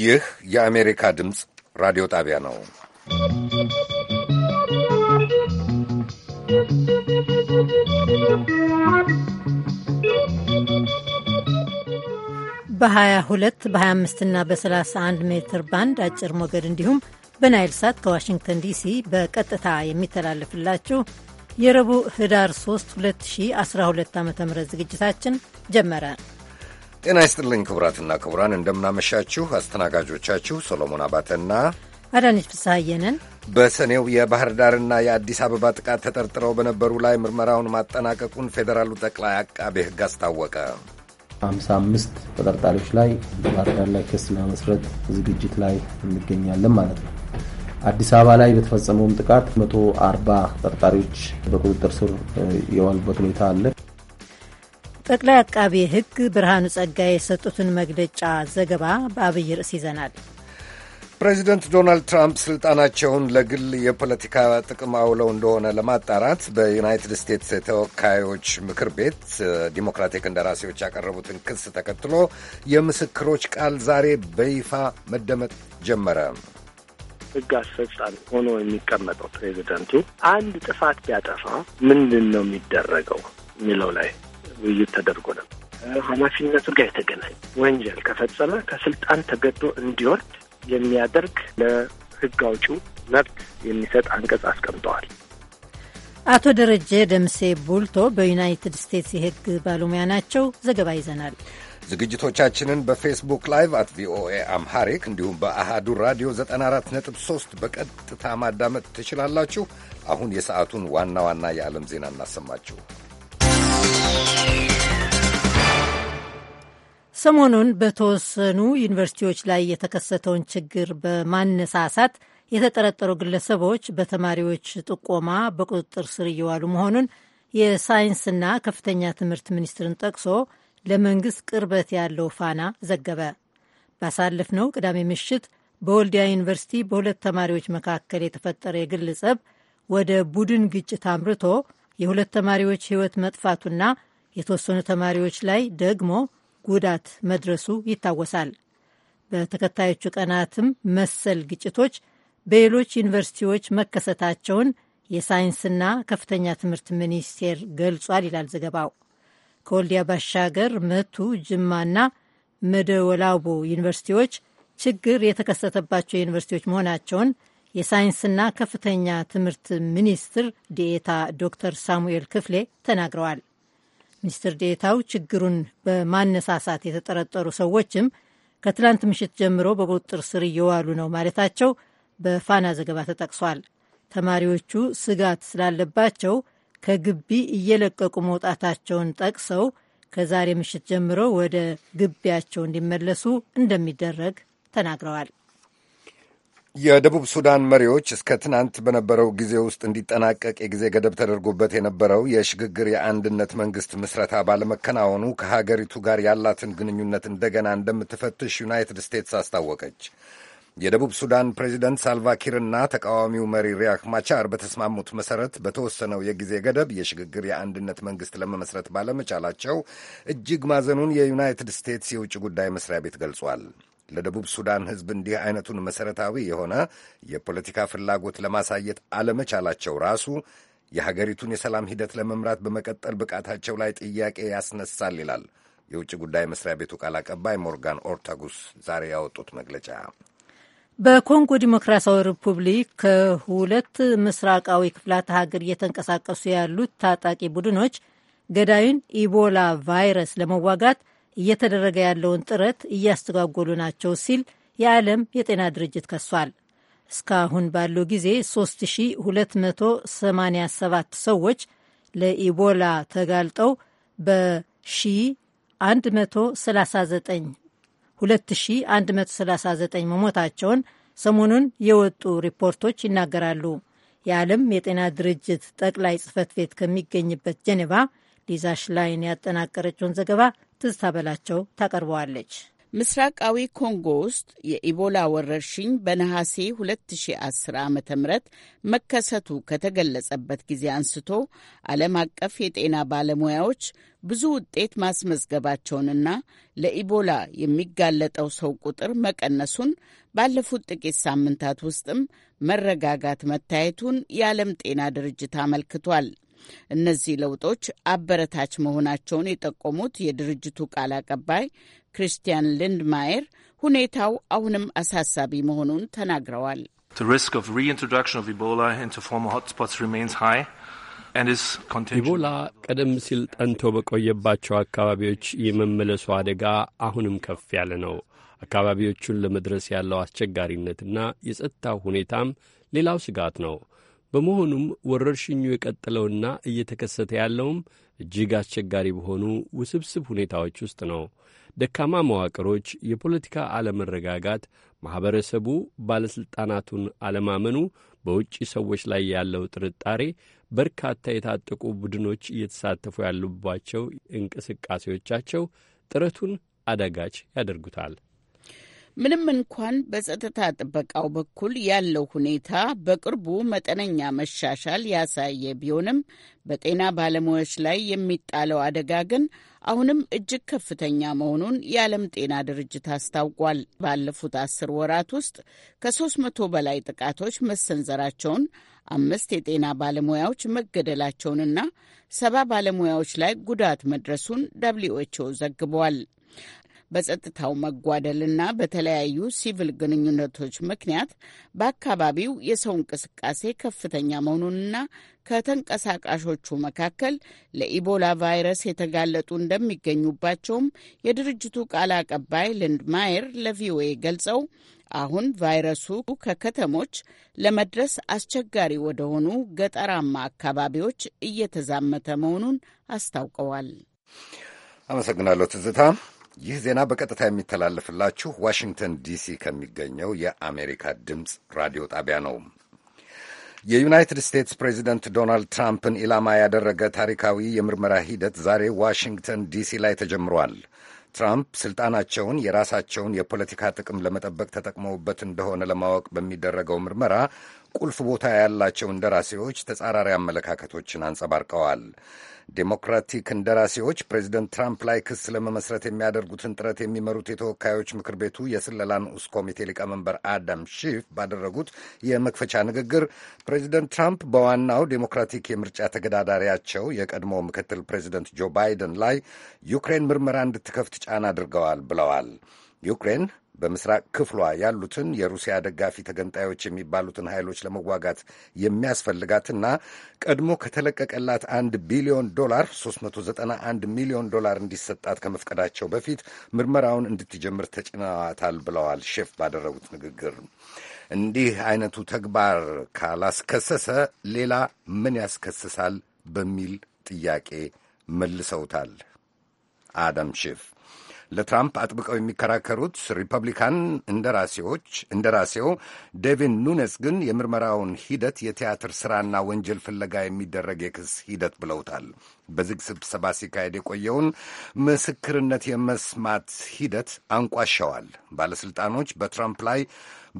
ይህ የአሜሪካ ድምፅ ራዲዮ ጣቢያ ነው። በ22 በ25 እና በ31 ሜትር ባንድ አጭር ሞገድ እንዲሁም በናይል ሳት ከዋሽንግተን ዲሲ በቀጥታ የሚተላለፍላችሁ የረቡዕ ህዳር 3 2012 ዓ ም ዝግጅታችን ጀመረ። ጤና ይስጥልኝ ክቡራትና ክቡራን፣ እንደምናመሻችሁ። አስተናጋጆቻችሁ ሶሎሞን አባተና አዳነች ፍስሐየንን በሰኔው የባህር ዳርና የአዲስ አበባ ጥቃት ተጠርጥረው በነበሩ ላይ ምርመራውን ማጠናቀቁን ፌዴራሉ ጠቅላይ አቃቤ ሕግ አስታወቀ። 55 ተጠርጣሪዎች ላይ ባህር ዳር ላይ ክስ ለመስረት ዝግጅት ላይ እንገኛለን ማለት ነው። አዲስ አበባ ላይ በተፈጸመውም ጥቃት 140 ተጠርጣሪዎች በቁጥጥር ስር የዋሉበት ሁኔታ አለ። ጠቅላይ አቃቤ ሕግ ብርሃኑ ጸጋ የሰጡትን መግለጫ ዘገባ በአብይ ርዕስ ይዘናል። ፕሬዚደንት ዶናልድ ትራምፕ ስልጣናቸውን ለግል የፖለቲካ ጥቅም አውለው እንደሆነ ለማጣራት በዩናይትድ ስቴትስ የተወካዮች ምክር ቤት ዲሞክራቲክ እንደራሴዎች ያቀረቡትን ክስ ተከትሎ የምስክሮች ቃል ዛሬ በይፋ መደመጥ ጀመረ። ሕግ አስፈጻሚ ሆኖ የሚቀመጠው ፕሬዚደንቱ አንድ ጥፋት ቢያጠፋ ምንድን ነው የሚደረገው የሚለው ላይ ውይይት ተደርጎ ነው። ኃላፊነቱ ጋር የተገናኝ ወንጀል ከፈጸመ ከስልጣን ተገዶ እንዲወርድ የሚያደርግ ለህግ አውጪው መብት የሚሰጥ አንቀጽ አስቀምጠዋል። አቶ ደረጀ ደምሴ ቡልቶ በዩናይትድ ስቴትስ የህግ ባለሙያ ናቸው። ዘገባ ይዘናል። ዝግጅቶቻችንን በፌስቡክ ላይቭ አት ቪኦኤ አምሃሪክ እንዲሁም በአሃዱ ራዲዮ 94.3 በቀጥታ ማዳመጥ ትችላላችሁ። አሁን የሰዓቱን ዋና ዋና የዓለም ዜና እናሰማችሁ። ሰሞኑን በተወሰኑ ዩኒቨርሲቲዎች ላይ የተከሰተውን ችግር በማነሳሳት የተጠረጠሩ ግለሰቦች በተማሪዎች ጥቆማ በቁጥጥር ስር እየዋሉ መሆኑን የሳይንስና ከፍተኛ ትምህርት ሚኒስትርን ጠቅሶ ለመንግስት ቅርበት ያለው ፋና ዘገበ። ባሳለፍነው ቅዳሜ ምሽት በወልዲያ ዩኒቨርሲቲ በሁለት ተማሪዎች መካከል የተፈጠረ የግል ጸብ ወደ ቡድን ግጭት አምርቶ የሁለት ተማሪዎች ሕይወት መጥፋቱና የተወሰኑ ተማሪዎች ላይ ደግሞ ጉዳት መድረሱ ይታወሳል። በተከታዮቹ ቀናትም መሰል ግጭቶች በሌሎች ዩኒቨርሲቲዎች መከሰታቸውን የሳይንስና ከፍተኛ ትምህርት ሚኒስቴር ገልጿል ይላል ዘገባው። ከወልዲያ ባሻገር መቱ፣ ጅማና መደወላቡ ዩኒቨርሲቲዎች ችግር የተከሰተባቸው ዩኒቨርሲቲዎች መሆናቸውን የሳይንስና ከፍተኛ ትምህርት ሚኒስትር ዲኤታ ዶክተር ሳሙኤል ክፍሌ ተናግረዋል። ሚኒስትር ዴታው ችግሩን በማነሳሳት የተጠረጠሩ ሰዎችም ከትላንት ምሽት ጀምሮ በቁጥጥር ስር እየዋሉ ነው ማለታቸው በፋና ዘገባ ተጠቅሷል። ተማሪዎቹ ስጋት ስላለባቸው ከግቢ እየለቀቁ መውጣታቸውን ጠቅሰው ከዛሬ ምሽት ጀምሮ ወደ ግቢያቸው እንዲመለሱ እንደሚደረግ ተናግረዋል። የደቡብ ሱዳን መሪዎች እስከ ትናንት በነበረው ጊዜ ውስጥ እንዲጠናቀቅ የጊዜ ገደብ ተደርጎበት የነበረው የሽግግር የአንድነት መንግስት ምስረታ ባለመከናወኑ ከሀገሪቱ ጋር ያላትን ግንኙነት እንደገና እንደምትፈትሽ ዩናይትድ ስቴትስ አስታወቀች። የደቡብ ሱዳን ፕሬዚደንት ሳልቫኪርና ተቃዋሚው መሪ ሪያክ ማቻር በተስማሙት መሰረት በተወሰነው የጊዜ ገደብ የሽግግር የአንድነት መንግስት ለመመስረት ባለመቻላቸው እጅግ ማዘኑን የዩናይትድ ስቴትስ የውጭ ጉዳይ መስሪያ ቤት ገልጿል። ለደቡብ ሱዳን ሕዝብ እንዲህ አይነቱን መሠረታዊ የሆነ የፖለቲካ ፍላጎት ለማሳየት አለመቻላቸው ራሱ የሀገሪቱን የሰላም ሂደት ለመምራት በመቀጠል ብቃታቸው ላይ ጥያቄ ያስነሳል ይላል የውጭ ጉዳይ መስሪያ ቤቱ ቃል አቀባይ ሞርጋን ኦርታጉስ ዛሬ ያወጡት መግለጫ። በኮንጎ ዲሞክራሲያዊ ሪፑብሊክ ከሁለት ምስራቃዊ ክፍላተ ሀገር እየተንቀሳቀሱ ያሉት ታጣቂ ቡድኖች ገዳዩን ኢቦላ ቫይረስ ለመዋጋት እየተደረገ ያለውን ጥረት እያስተጓጎሉ ናቸው ሲል የዓለም የጤና ድርጅት ከሷል። እስካሁን ባለው ጊዜ 3287 ሰዎች ለኢቦላ ተጋልጠው በ139 2139 መሞታቸውን ሰሞኑን የወጡ ሪፖርቶች ይናገራሉ። የዓለም የጤና ድርጅት ጠቅላይ ጽህፈት ቤት ከሚገኝበት ጀኔቫ ሊዛ ሽላይን ያጠናቀረችውን ዘገባ ትዝታ በላቸው ታቀርበዋለች። ምስራቃዊ ኮንጎ ውስጥ የኢቦላ ወረርሽኝ በነሐሴ 2010 ዓ ም መከሰቱ ከተገለጸበት ጊዜ አንስቶ ዓለም አቀፍ የጤና ባለሙያዎች ብዙ ውጤት ማስመዝገባቸውንና ለኢቦላ የሚጋለጠው ሰው ቁጥር መቀነሱን ባለፉት ጥቂት ሳምንታት ውስጥም መረጋጋት መታየቱን የዓለም ጤና ድርጅት አመልክቷል። እነዚህ ለውጦች አበረታች መሆናቸውን የጠቆሙት የድርጅቱ ቃል አቀባይ ክሪስቲያን ልንድማየር ሁኔታው አሁንም አሳሳቢ መሆኑን ተናግረዋል። ኢቦላ ቀደም ሲል ጠንቶ በቆየባቸው አካባቢዎች የመመለሱ አደጋ አሁንም ከፍ ያለ ነው። አካባቢዎቹን ለመድረስ ያለው አስቸጋሪነትና የጸጥታው ሁኔታም ሌላው ስጋት ነው። በመሆኑም ወረርሽኙ የቀጠለውና እየተከሰተ ያለውም እጅግ አስቸጋሪ በሆኑ ውስብስብ ሁኔታዎች ውስጥ ነው። ደካማ መዋቅሮች፣ የፖለቲካ አለመረጋጋት፣ ማኅበረሰቡ ባለሥልጣናቱን አለማመኑ፣ በውጭ ሰዎች ላይ ያለው ጥርጣሬ፣ በርካታ የታጠቁ ቡድኖች እየተሳተፉ ያሉባቸው እንቅስቃሴዎቻቸው ጥረቱን አዳጋች ያደርጉታል። ምንም እንኳን በጸጥታ ጥበቃው በኩል ያለው ሁኔታ በቅርቡ መጠነኛ መሻሻል ያሳየ ቢሆንም በጤና ባለሙያዎች ላይ የሚጣለው አደጋ ግን አሁንም እጅግ ከፍተኛ መሆኑን የዓለም ጤና ድርጅት አስታውቋል። ባለፉት አስር ወራት ውስጥ ከሶስት መቶ በላይ ጥቃቶች መሰንዘራቸውን፣ አምስት የጤና ባለሙያዎች መገደላቸውንና ሰባ ባለሙያዎች ላይ ጉዳት መድረሱን ደብሊው ዘግበዋል። ዘግቧል። በጸጥታው መጓደልና በተለያዩ ሲቪል ግንኙነቶች ምክንያት በአካባቢው የሰው እንቅስቃሴ ከፍተኛ መሆኑንና ከተንቀሳቃሾቹ መካከል ለኢቦላ ቫይረስ የተጋለጡ እንደሚገኙባቸውም የድርጅቱ ቃል አቀባይ ልንድ ማየር ለቪኦኤ ገልጸው አሁን ቫይረሱ ከከተሞች ለመድረስ አስቸጋሪ ወደሆኑ ገጠራማ አካባቢዎች እየተዛመተ መሆኑን አስታውቀዋል። አመሰግናለሁ ትዝታ። ይህ ዜና በቀጥታ የሚተላለፍላችሁ ዋሽንግተን ዲሲ ከሚገኘው የአሜሪካ ድምፅ ራዲዮ ጣቢያ ነው። የዩናይትድ ስቴትስ ፕሬዚደንት ዶናልድ ትራምፕን ኢላማ ያደረገ ታሪካዊ የምርመራ ሂደት ዛሬ ዋሽንግተን ዲሲ ላይ ተጀምሯል። ትራምፕ ስልጣናቸውን የራሳቸውን የፖለቲካ ጥቅም ለመጠበቅ ተጠቅመውበት እንደሆነ ለማወቅ በሚደረገው ምርመራ ቁልፍ ቦታ ያላቸው እንደራሴዎች ተጻራሪ አመለካከቶችን አንጸባርቀዋል። ዴሞክራቲክ እንደራሴዎች ፕሬዚደንት ትራምፕ ላይ ክስ ለመመስረት የሚያደርጉትን ጥረት የሚመሩት የተወካዮች ምክር ቤቱ የስለላ ንዑስ ኮሚቴ ሊቀመንበር አዳም ሺፍ ባደረጉት የመክፈቻ ንግግር ፕሬዚደንት ትራምፕ በዋናው ዴሞክራቲክ የምርጫ ተገዳዳሪያቸው የቀድሞ ምክትል ፕሬዚደንት ጆ ባይደን ላይ ዩክሬን ምርመራ እንድትከፍት ጫና አድርገዋል ብለዋል። ዩክሬን በምስራቅ ክፍሏ ያሉትን የሩሲያ ደጋፊ ተገንጣዮች የሚባሉትን ኃይሎች ለመዋጋት የሚያስፈልጋትና ቀድሞ ከተለቀቀላት አንድ ቢሊዮን ዶላር 391 ሚሊዮን ዶላር እንዲሰጣት ከመፍቀዳቸው በፊት ምርመራውን እንድትጀምር ተጭነዋታል ብለዋል ሼፍ ባደረጉት ንግግር። እንዲህ አይነቱ ተግባር ካላስከሰሰ ሌላ ምን ያስከስሳል በሚል ጥያቄ መልሰውታል አዳም ሼፍ ለትራምፕ አጥብቀው የሚከራከሩት ሪፐብሊካን እንደራሴዎች እንደራሴው ዴቪን ኑነስ ግን የምርመራውን ሂደት የቲያትር ስራና ወንጀል ፍለጋ የሚደረግ የክስ ሂደት ብለውታል። በዝግ ስብሰባ ሲካሄድ የቆየውን ምስክርነት የመስማት ሂደት አንቋሸዋል። ባለሥልጣኖች በትራምፕ ላይ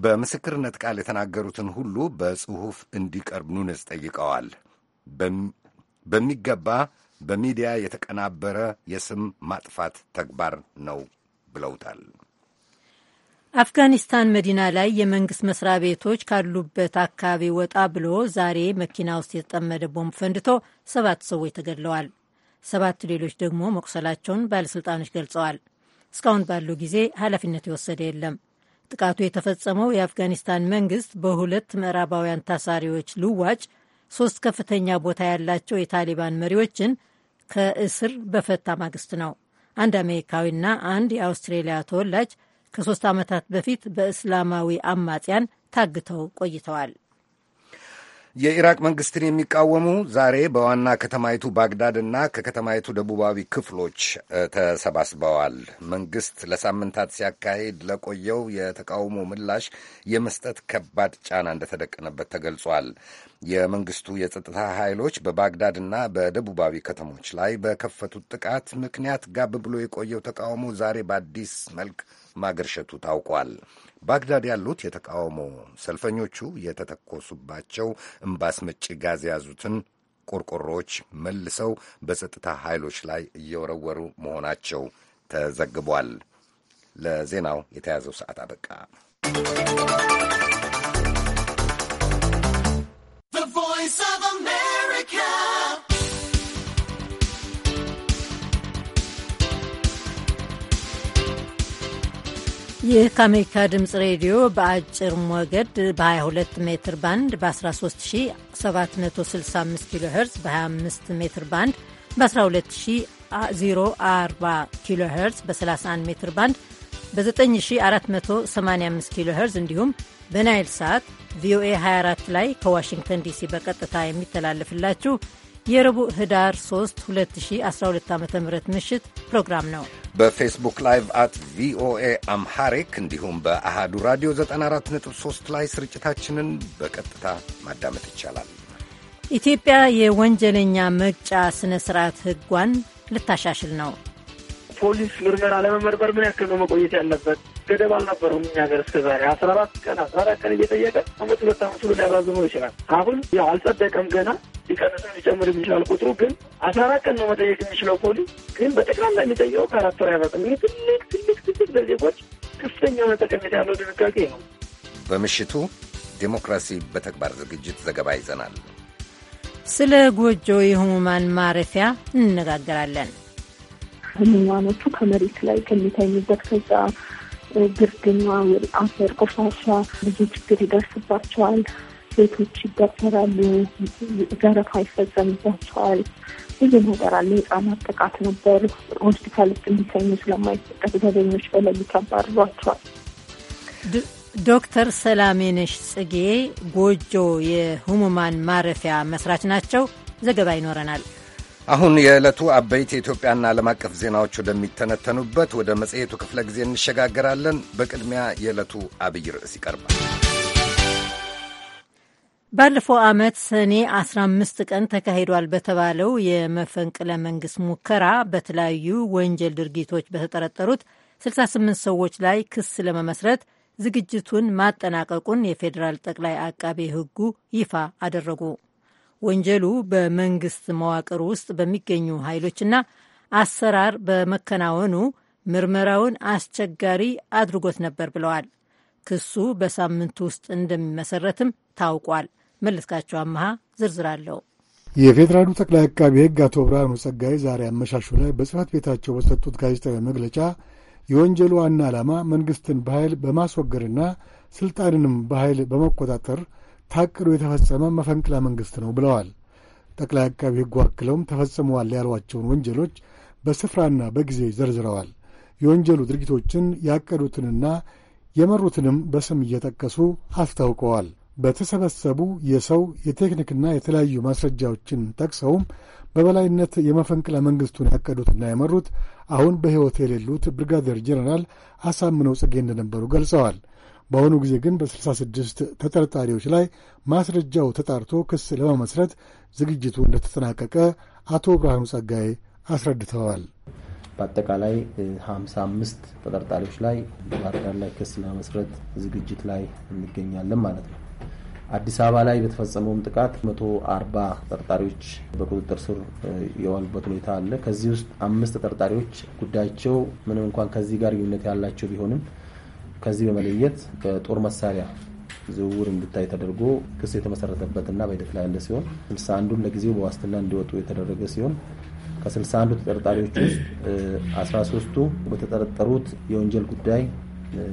በምስክርነት ቃል የተናገሩትን ሁሉ በጽሑፍ እንዲቀርብ ኑነስ ጠይቀዋል። በሚገባ በሚዲያ የተቀናበረ የስም ማጥፋት ተግባር ነው ብለውታል። አፍጋኒስታን መዲና ላይ የመንግስት መስሪያ ቤቶች ካሉበት አካባቢ ወጣ ብሎ ዛሬ መኪና ውስጥ የተጠመደ ቦምብ ፈንድቶ ሰባት ሰዎች ተገድለዋል። ሰባት ሌሎች ደግሞ መቁሰላቸውን ባለሥልጣኖች ገልጸዋል። እስካሁን ባለው ጊዜ ኃላፊነት የወሰደ የለም። ጥቃቱ የተፈጸመው የአፍጋኒስታን መንግስት በሁለት ምዕራባውያን ታሳሪዎች ልዋጭ ሶስት ከፍተኛ ቦታ ያላቸው የታሊባን መሪዎችን ከእስር በፈታ ማግስት ነው። አንድ አሜሪካዊና አንድ የአውስትሬሊያ ተወላጅ ከሶስት ዓመታት በፊት በእስላማዊ አማጽያን ታግተው ቆይተዋል። የኢራቅ መንግስትን የሚቃወሙ ዛሬ በዋና ከተማይቱ ባግዳድ እና ከከተማይቱ ደቡባዊ ክፍሎች ተሰባስበዋል። መንግስት ለሳምንታት ሲያካሂድ ለቆየው የተቃውሞ ምላሽ የመስጠት ከባድ ጫና እንደተደቀነበት ተገልጿል። የመንግስቱ የጸጥታ ኃይሎች በባግዳድ እና በደቡባዊ ከተሞች ላይ በከፈቱት ጥቃት ምክንያት ጋብ ብሎ የቆየው ተቃውሞ ዛሬ በአዲስ መልክ ማገርሸቱ ታውቋል። ባግዳድ ያሉት የተቃውሞ ሰልፈኞቹ የተተኮሱባቸው እምባስ መጪ ጋዝ የያዙትን ቆርቆሮዎች መልሰው በጸጥታ ኃይሎች ላይ እየወረወሩ መሆናቸው ተዘግቧል። ለዜናው የተያዘው ሰዓት አበቃ። ይህ ከአሜሪካ ድምፅ ሬዲዮ በአጭር ሞገድ በ22 ሜትር ባንድ በ13765 ኪሎ ሄርዝ በ25 ሜትር ባንድ በ12040 ኪሎ ሄርዝ በ31 ሜትር ባንድ በ9485 ኪሎ ሄርዝ እንዲሁም በናይል ሰዓት ቪኦኤ 24 ላይ ከዋሽንግተን ዲሲ በቀጥታ የሚተላለፍላችሁ የረቡዕ ህዳር 3 2012 ዓ ም ምሽት ፕሮግራም ነው። በፌስቡክ ላይቭ አት ቪኦኤ አምሃሪክ እንዲሁም በአሃዱ ራዲዮ 94.3 ላይ ስርጭታችንን በቀጥታ ማዳመጥ ይቻላል። ኢትዮጵያ የወንጀለኛ መቅጫ ስነ ስርዓት ህጓን ልታሻሽል ነው። ፖሊስ ምርመራ ለመመርመር ምን ያክል ነው መቆየት ያለበት? ገደብ አልነበረውም። እኛ ሀገር ዛሬ አስራ አራት ቀን አስራ አራት ቀን እየጠየቀ አመት ሁለት አመት ብሎ ሊያራዝመው ይችላል። አሁን ያው አልጸደቀም ገና ሊቀንስም ሊጨምር የሚችላል ቁጥሩ ግን አስራ አራት ቀን ነው መጠየቅ የሚችለው ፖሊስ ግን በጠቅላላ የሚጠየቀው ከአራት ወር አይበቅም። ይህ ትልቅ ትልቅ ትልቅ ለዜጎች ከፍተኛ የሆነ ጠቀሜታ ያለው ድንጋጌ ነው። በምሽቱ ዴሞክራሲ በተግባር ዝግጅት ዘገባ ይዘናል። ስለ ጎጆ የህሙማን ማረፊያ እንነጋገራለን። ህሙማኖቹ ከመሬት ላይ ከሚተኙበት ከዛ ግርግና፣ አፈር፣ ቆሻሻ ብዙ ችግር ይደርስባቸዋል። ቤቶች ይገበራሉ፣ ዘረፋ ይፈጸምባቸዋል። ብዙ ነገር አለ። የህጻናት ጥቃት ነበር። ሆስፒታል ውስጥ እንዲሰኙ ስለማይፈቀድ ዘበኞች በሌሊት ያባርሯቸዋል። ዶክተር ሰላሜነሽ ጽጌ ጎጆ የህሙማን ማረፊያ መስራች ናቸው። ዘገባ ይኖረናል። አሁን የዕለቱ አበይት የኢትዮጵያና ዓለም አቀፍ ዜናዎች ወደሚተነተኑበት ወደ መጽሔቱ ክፍለ ጊዜ እንሸጋገራለን። በቅድሚያ የዕለቱ አብይ ርዕስ ይቀርባል። ባለፈው ዓመት ሰኔ 15 ቀን ተካሂዷል በተባለው የመፈንቅለ መንግሥት ሙከራ በተለያዩ ወንጀል ድርጊቶች በተጠረጠሩት 68 ሰዎች ላይ ክስ ለመመስረት ዝግጅቱን ማጠናቀቁን የፌዴራል ጠቅላይ አቃቤ ሕጉ ይፋ አደረጉ። ወንጀሉ በመንግስት መዋቅር ውስጥ በሚገኙ ኃይሎችና አሰራር በመከናወኑ ምርመራውን አስቸጋሪ አድርጎት ነበር ብለዋል። ክሱ በሳምንት ውስጥ እንደሚመሰረትም ታውቋል። መለስካቸው አመሃ ዝርዝር አለው። የፌዴራሉ ጠቅላይ አቃቢ ሕግ አቶ ብርሃኑ ጸጋዬ ዛሬ አመሻሹ ላይ በጽህፈት ቤታቸው በሰጡት ጋዜጣዊ መግለጫ የወንጀሉ ዋና ዓላማ መንግስትን በኃይል በማስወገድና ስልጣንንም በኃይል በመቆጣጠር ታቅዶ የተፈጸመ መፈንቅለ መንግሥት ነው ብለዋል። ጠቅላይ አቃቢ ሕጉ አክለውም ተፈጽመዋል ያሏቸውን ወንጀሎች በስፍራና በጊዜ ዘርዝረዋል። የወንጀሉ ድርጊቶችን ያቀዱትንና የመሩትንም በስም እየጠቀሱ አስታውቀዋል። በተሰበሰቡ የሰው የቴክኒክና የተለያዩ ማስረጃዎችን ጠቅሰውም በበላይነት የመፈንቅለ መንግሥቱን ያቀዱትና የመሩት አሁን በሕይወት የሌሉት ብርጋዴር ጄኔራል አሳምነው ጽጌ እንደነበሩ ገልጸዋል። በአሁኑ ጊዜ ግን በ66 ተጠርጣሪዎች ላይ ማስረጃው ተጣርቶ ክስ ለመመስረት ዝግጅቱ እንደተጠናቀቀ አቶ ብርሃኑ ጸጋዬ አስረድተዋል። በአጠቃላይ 55 ተጠርጣሪዎች ላይ በባህር ዳር ላይ ክስ ለመመስረት ዝግጅት ላይ እንገኛለን ማለት ነው። አዲስ አበባ ላይ በተፈጸመውም ጥቃት 140 ተጠርጣሪዎች በቁጥጥር ስር የዋሉበት ሁኔታ አለ። ከዚህ ውስጥ አምስት ተጠርጣሪዎች ጉዳያቸው ምንም እንኳን ከዚህ ጋር ግንኙነት ያላቸው ቢሆንም ከዚህ በመለየት በጦር መሳሪያ ዝውውር እንዲታይ ተደርጎ ክስ የተመሰረተበትና በሂደት ላይ ያለ ሲሆን ስልሳ አንዱን ለጊዜው በዋስትና እንዲወጡ የተደረገ ሲሆን ከስልሳ አንዱ ተጠርጣሪዎች ውስጥ አስራ ሶስቱ በተጠረጠሩት የወንጀል ጉዳይ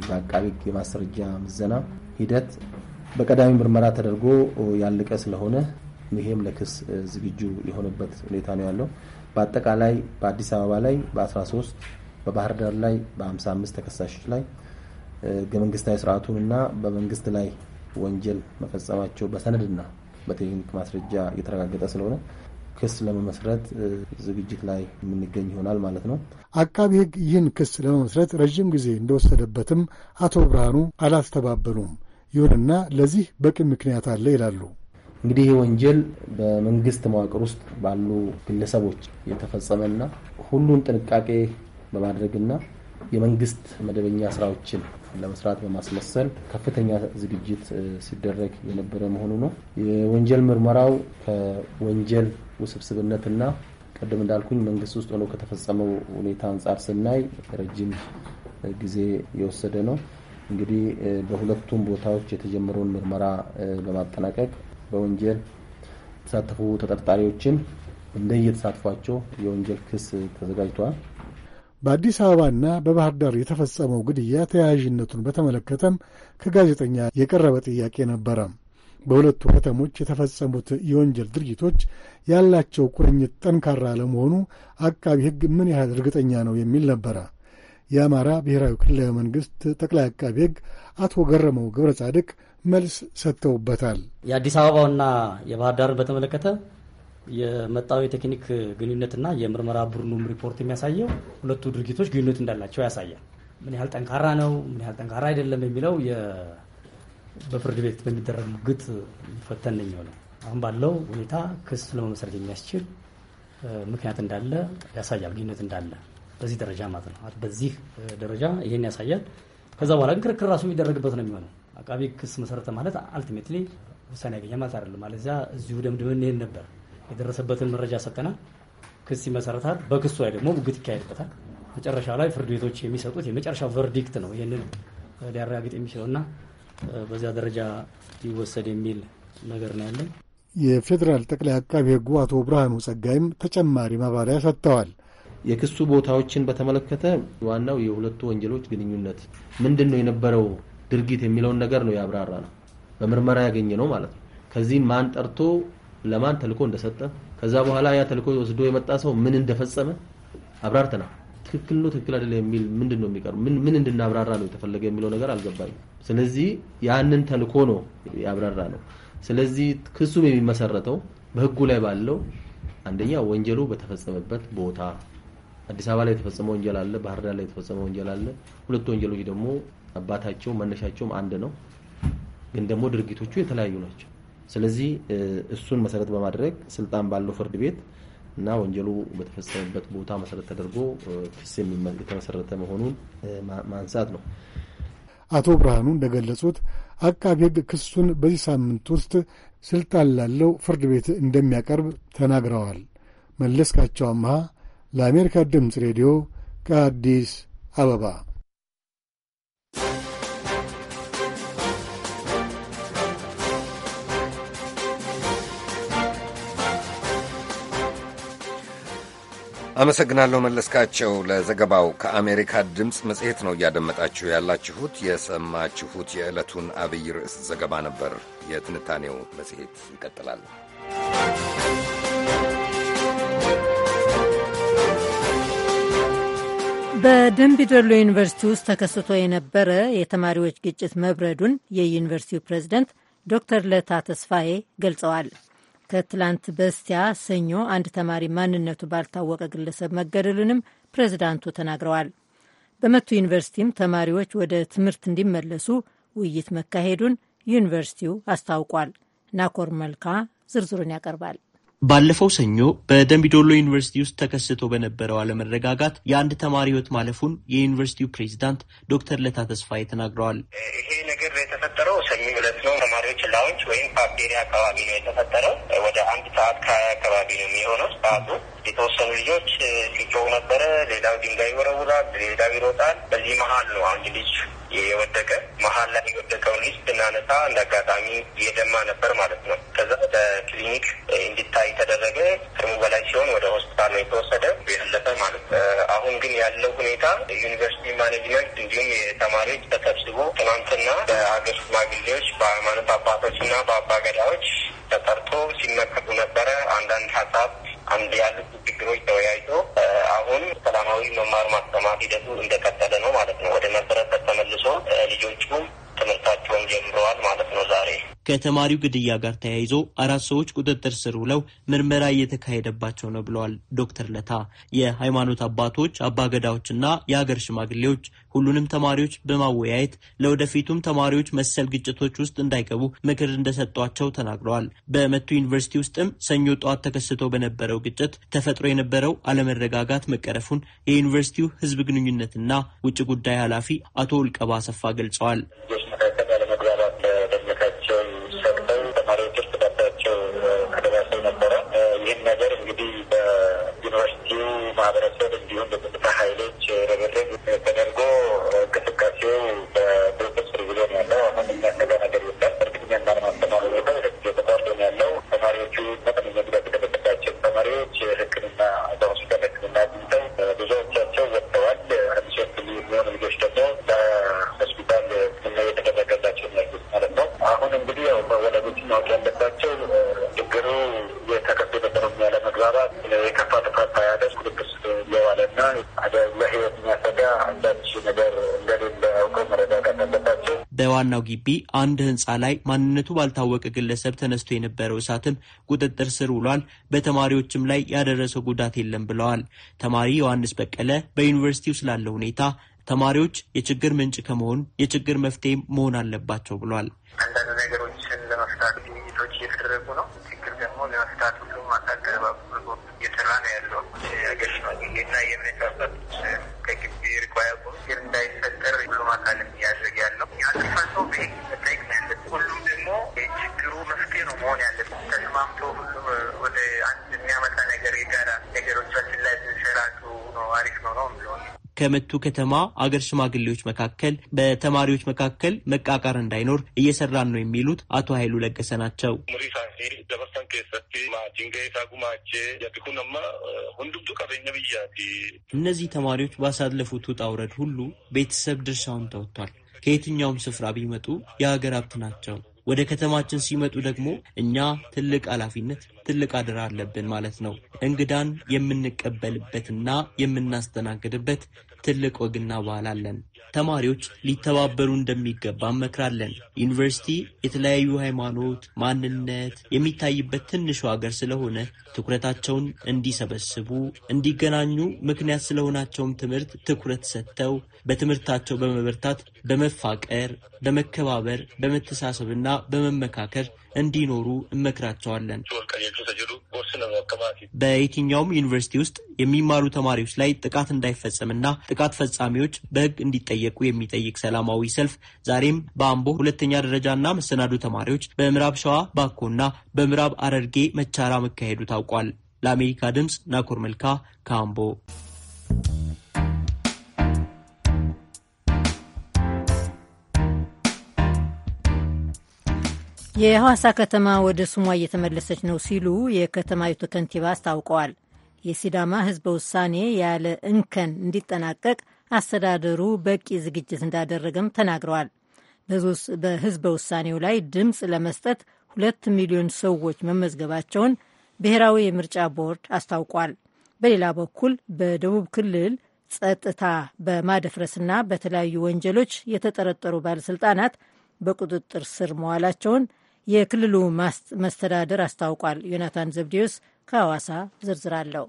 በአቃቢ የማስረጃ ምዘና ሂደት በቀዳሚ ምርመራ ተደርጎ ያለቀ ስለሆነ ይሄም ለክስ ዝግጁ የሆነበት ሁኔታ ነው ያለው። በአጠቃላይ በአዲስ አበባ ላይ በ13 በባህር ዳር ላይ በ55 ተከሳሾች ላይ ህገ መንግስታዊ እና በመንግስት ላይ ወንጀል መፈጸማቸው በሰነድና በቴክኒክ ማስረጃ እየተረጋገጠ ስለሆነ ክስ ለመመስረት ዝግጅት ላይ የምንገኝ ይሆናል ማለት ነው። አቃቢ ህግ ይህን ክስ ለመመስረት ረዥም ጊዜ እንደወሰደበትም አቶ ብርሃኑ አላስተባበሉም። ይሁንና ለዚህ በቂ ምክንያት አለ ይላሉ። እንግዲህ ይህ ወንጀል በመንግስት መዋቅር ውስጥ ባሉ ግለሰቦች የተፈጸመና ሁሉን ጥንቃቄ በማድረግና የመንግስት መደበኛ ስራዎችን ለመስራት በማስመሰል ከፍተኛ ዝግጅት ሲደረግ የነበረ መሆኑ ነው። የወንጀል ምርመራው ከወንጀል ውስብስብነትና ቀደም እንዳልኩኝ መንግስት ውስጥ ሆኖ ከተፈጸመው ሁኔታ አንጻር ስናይ ረጅም ጊዜ የወሰደ ነው። እንግዲህ በሁለቱም ቦታዎች የተጀመረውን ምርመራ በማጠናቀቅ በወንጀል የተሳተፉ ተጠርጣሪዎችን እንደየተሳትፏቸው የወንጀል ክስ ተዘጋጅተዋል። በአዲስ አበባና በባህር ዳር የተፈጸመው ግድያ ተያያዥነቱን በተመለከተም ከጋዜጠኛ የቀረበ ጥያቄ ነበረ። በሁለቱ ከተሞች የተፈጸሙት የወንጀል ድርጊቶች ያላቸው ቁርኝት ጠንካራ ለመሆኑ አቃቢ ሕግ ምን ያህል እርግጠኛ ነው የሚል ነበረ። የአማራ ብሔራዊ ክልላዊ መንግሥት ጠቅላይ አቃቢ ሕግ አቶ ገረመው ገብረ ጻድቅ መልስ ሰጥተውበታል። የአዲስ አበባውና የባህር ዳርን በተመለከተ የመጣው የቴክኒክ ግንኙነትና የምርመራ ቡድኑም ሪፖርት የሚያሳየው ሁለቱ ድርጊቶች ግንኙነት እንዳላቸው ያሳያል። ምን ያህል ጠንካራ ነው፣ ምን ያህል ጠንካራ አይደለም የሚለው በፍርድ ቤት በሚደረግ ሙግት የሚፈተን ነው የሚሆነው። አሁን ባለው ሁኔታ ክስ ለመመስረት የሚያስችል ምክንያት እንዳለ ያሳያል፣ ግንኙነት እንዳለ በዚህ ደረጃ ማለት ነው። በዚህ ደረጃ ይሄን ያሳያል። ከዛ በኋላ ግን ክርክር ራሱ የሚደረግበት ነው የሚሆነው። አቃቢ ክስ መሰረተ ማለት አልቲሜትሊ ውሳኔ ያገኘ ማለት አይደለም። አለዚያ እዚሁ ደምድመን ይሄን ነበር። የደረሰበትን መረጃ ሰጠናል። ክስ ይመሰረታል። በክሱ ላይ ደግሞ ሙግት ይካሄድበታል። መጨረሻ ላይ ፍርድ ቤቶች የሚሰጡት የመጨረሻ ቨርዲክት ነው። ይህንን ሊያረጋግጥ ና በዚያ ደረጃ ሊወሰድ የሚል ነገር ነው ያለን። የፌዴራል ጠቅላይ አቃቢ ሕጉ አቶ ብርሃኑ ጸጋይም ተጨማሪ ማብራሪያ ሰጥተዋል። የክሱ ቦታዎችን በተመለከተ ዋናው የሁለቱ ወንጀሎች ግንኙነት ምንድን ነው የነበረው ድርጊት የሚለውን ነገር ነው ያብራራ ነው። በምርመራ ያገኘ ነው ማለት ነው። ከዚህም ማን ጠርቶ ለማን ተልኮ እንደሰጠ ከዛ በኋላ ያ ተልኮ ወስዶ የመጣ ሰው ምን እንደፈጸመ አብራርተናል። ትክክል ነው ትክክል አይደለም የሚል ምንድን ነው የሚቀር ምን ምን እንድናብራራ ነው የተፈለገ የሚለው ነገር አልገባኝም። ስለዚህ ያንን ተልኮ ነው ያብራራ ነው። ስለዚህ ክሱም የሚመሰረተው በህጉ ላይ ባለው አንደኛ ወንጀሉ በተፈጸመበት ቦታ አዲስ አበባ ላይ የተፈጸመ ወንጀል አለ፣ ባህር ዳር ላይ የተፈጸመ ወንጀል አለ። ሁለቱ ወንጀሎች ደግሞ አባታቸው መነሻቸውም አንድ ነው፣ ግን ደግሞ ድርጊቶቹ የተለያዩ ናቸው። ስለዚህ እሱን መሰረት በማድረግ ስልጣን ባለው ፍርድ ቤት እና ወንጀሉ በተፈጸመበት ቦታ መሰረት ተደርጎ ክስ የተመሰረተ መሆኑን ማንሳት ነው። አቶ ብርሃኑ እንደገለጹት አቃቢ ሕግ ክሱን በዚህ ሳምንት ውስጥ ስልጣን ላለው ፍርድ ቤት እንደሚያቀርብ ተናግረዋል። መለስካቸው አምሃ ለአሜሪካ ድምፅ ሬዲዮ ከአዲስ አበባ አመሰግናለሁ መለስካቸው ለዘገባው። ከአሜሪካ ድምፅ መጽሔት ነው እያደመጣችሁ ያላችሁት። የሰማችሁት የዕለቱን አብይ ርዕስ ዘገባ ነበር። የትንታኔው መጽሔት ይቀጥላል። በደምቢዶሎ ዩኒቨርሲቲ ውስጥ ተከስቶ የነበረ የተማሪዎች ግጭት መብረዱን የዩኒቨርሲቲው ፕሬዝደንት ዶክተር ለታ ተስፋዬ ገልጸዋል። ከትላንት በስቲያ ሰኞ አንድ ተማሪ ማንነቱ ባልታወቀ ግለሰብ መገደሉንም ፕሬዝዳንቱ ተናግረዋል። በመቱ ዩኒቨርሲቲም ተማሪዎች ወደ ትምህርት እንዲመለሱ ውይይት መካሄዱን ዩኒቨርሲቲው አስታውቋል። ናኮር መልካ ዝርዝሩን ያቀርባል። ባለፈው ሰኞ በደምቢዶሎ ዩኒቨርሲቲ ውስጥ ተከስቶ በነበረው አለመረጋጋት የአንድ ተማሪ ሕይወት ማለፉን የዩኒቨርሲቲው ፕሬዚዳንት ዶክተር ለታ ተስፋዬ ተናግረዋል። ይሄ ነገር የተፈጠረው ላውንች ወይም ካፍቴሪያ አካባቢ ነው የተፈጠረው። ወደ አንድ ሰዓት ከሀያ አካባቢ ነው የሚሆነው ሰዓቱ። የተወሰኑ ልጆች ሲጮው ነበረ። ሌላው ድንጋይ ይወረውራል፣ ሌላው ይሮጣል። በዚህ መሀል ነው አንድ ልጅ የወደቀ መሀል ላይ የወደቀውን ልጅ ብናነሳ እንደ አጋጣሚ እየደማ ነበር ማለት ነው። ከዛ ወደ ክሊኒክ እንዲታይ ተደረገ። ህሙ በላይ ሲሆን ወደ ሆስፒታል ነው የተወሰደ ያለፈ ማለት ነው። አሁን ግን ያለው ሁኔታ ዩኒቨርሲቲ ማኔጅመንት እንዲሁም የተማሪዎች ተሰብስቦ ትናንትና በአገር ሽማግሌዎች፣ በሃይማኖት አባቶች እና በአባገዳዎች ተጠርቶ ሲመከሩ ነበረ አንዳንድ ሀሳብ አንድ ያሉት ችግሮች ተወያይቶ አሁን ሰላማዊ መማር ማስተማር ሂደቱ እንደቀጠለ ነው ማለት ነው። ወደ ነበረበት ተመልሶ ልጆቹ ትምህርታቸውን ጀምረዋል ማለት ነው ዛሬ ከተማሪው ግድያ ጋር ተያይዞ አራት ሰዎች ቁጥጥር ስር ውለው ምርመራ እየተካሄደባቸው ነው ብለዋል ዶክተር ለታ። የሃይማኖት አባቶች አባገዳዎችና የሀገር ሽማግሌዎች ሁሉንም ተማሪዎች በማወያየት ለወደፊቱም ተማሪዎች መሰል ግጭቶች ውስጥ እንዳይገቡ ምክር እንደሰጧቸው ተናግረዋል። በመቱ ዩኒቨርሲቲ ውስጥም ሰኞ ጠዋት ተከስቶ በነበረው ግጭት ተፈጥሮ የነበረው አለመረጋጋት መቀረፉን የዩኒቨርሲቲው ሕዝብ ግንኙነትና ውጭ ጉዳይ ኃላፊ አቶ ውልቀባ አሰፋ ገልጸዋል። Gracias. በዋናው ግቢ አንድ ህንፃ ላይ ማንነቱ ባልታወቀ ግለሰብ ተነስቶ የነበረው እሳትም ቁጥጥር ስር ውሏል። በተማሪዎችም ላይ ያደረሰው ጉዳት የለም ብለዋል። ተማሪ ዮሐንስ በቀለ በዩኒቨርሲቲው ስላለ ሁኔታ ተማሪዎች የችግር ምንጭ ከመሆን የችግር መፍትሄም መሆን አለባቸው ብሏል። አንዳንድ ነገሮች ከመቱ ከተማ አገር ሽማግሌዎች መካከል በተማሪዎች መካከል መቃቃር እንዳይኖር እየሰራን ነው የሚሉት አቶ ኃይሉ ለገሰ ናቸው። እነዚህ ተማሪዎች ባሳለፉት ውጣ ውረድ ሁሉ ቤተሰብ ድርሻውን ተወጥቷል። ከየትኛውም ስፍራ ቢመጡ የሀገር ሀብት ናቸው። ወደ ከተማችን ሲመጡ ደግሞ እኛ ትልቅ ኃላፊነት፣ ትልቅ አደራ አለብን ማለት ነው። እንግዳን የምንቀበልበትና የምናስተናግድበት ትልቅ ወግና ባህል አለን። ተማሪዎች ሊተባበሩ እንደሚገባ እመክራለን። ዩኒቨርሲቲ የተለያዩ ሃይማኖት፣ ማንነት የሚታይበት ትንሹ ሀገር ስለሆነ ትኩረታቸውን እንዲሰበስቡ፣ እንዲገናኙ ምክንያት ስለሆናቸውም ትምህርት ትኩረት ሰጥተው በትምህርታቸው በመበርታት፣ በመፋቀር፣ በመከባበር፣ በመተሳሰብና በመመካከር እንዲኖሩ እመክራቸዋለን። በየትኛውም ዩኒቨርሲቲ ውስጥ የሚማሩ ተማሪዎች ላይ ጥቃት እንዳይፈጸምና ጥቃት ፈጻሚዎች በሕግ እንዲጠየቁ የሚጠይቅ ሰላማዊ ሰልፍ ዛሬም በአምቦ ሁለተኛ ደረጃና መሰናዶ ተማሪዎች በምዕራብ ሸዋ ባኮና በምዕራብ አረርጌ መቻራ መካሄዱ ታውቋል። ለአሜሪካ ድምፅ ናኮር መልካ ከአምቦ የሐዋሳ ከተማ ወደ ስሟ እየተመለሰች ነው ሲሉ የከተማይቱ ከንቲባ አስታውቀዋል። የሲዳማ ህዝበ ውሳኔ ያለ እንከን እንዲጠናቀቅ አስተዳደሩ በቂ ዝግጅት እንዳደረገም ተናግረዋል። በህዝበ ውሳኔው ላይ ድምፅ ለመስጠት ሁለት ሚሊዮን ሰዎች መመዝገባቸውን ብሔራዊ የምርጫ ቦርድ አስታውቋል። በሌላ በኩል በደቡብ ክልል ጸጥታ በማደፍረስና በተለያዩ ወንጀሎች የተጠረጠሩ ባለሥልጣናት በቁጥጥር ስር መዋላቸውን የክልሉ መስተዳደር አስታውቋል። ዮናታን ዘብዴዎስ ከሐዋሳ ዝርዝር አለው።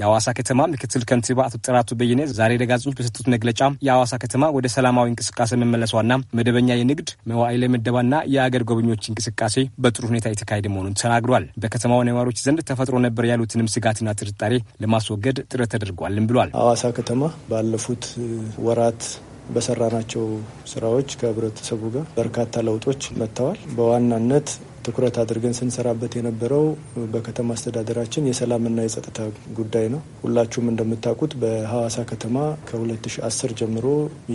የአዋሳ ከተማ ምክትል ከንቲባ አቶ ጥራቱ በየነ ዛሬ ለጋዜጠኞች በሰጡት መግለጫ የአዋሳ ከተማ ወደ ሰላማዊ እንቅስቃሴ መመለሷና መደበኛ የንግድ መዋዕለ ምደባና የአገር ጎብኚዎች እንቅስቃሴ በጥሩ ሁኔታ የተካሄደ መሆኑን ተናግሯል። በከተማው ነዋሪዎች ዘንድ ተፈጥሮ ነበር ያሉትንም ስጋትና ጥርጣሬ ለማስወገድ ጥረት ተደርጓልም ብሏል። አዋሳ ከተማ ባለፉት ወራት በሰራናቸው ስራዎች ከህብረተሰቡ ጋር በርካታ ለውጦች መጥተዋል። በዋናነት ትኩረት አድርገን ስንሰራበት የነበረው በከተማ አስተዳደራችን የሰላምና የጸጥታ ጉዳይ ነው። ሁላችሁም እንደምታውቁት በሐዋሳ ከተማ ከ2010 ጀምሮ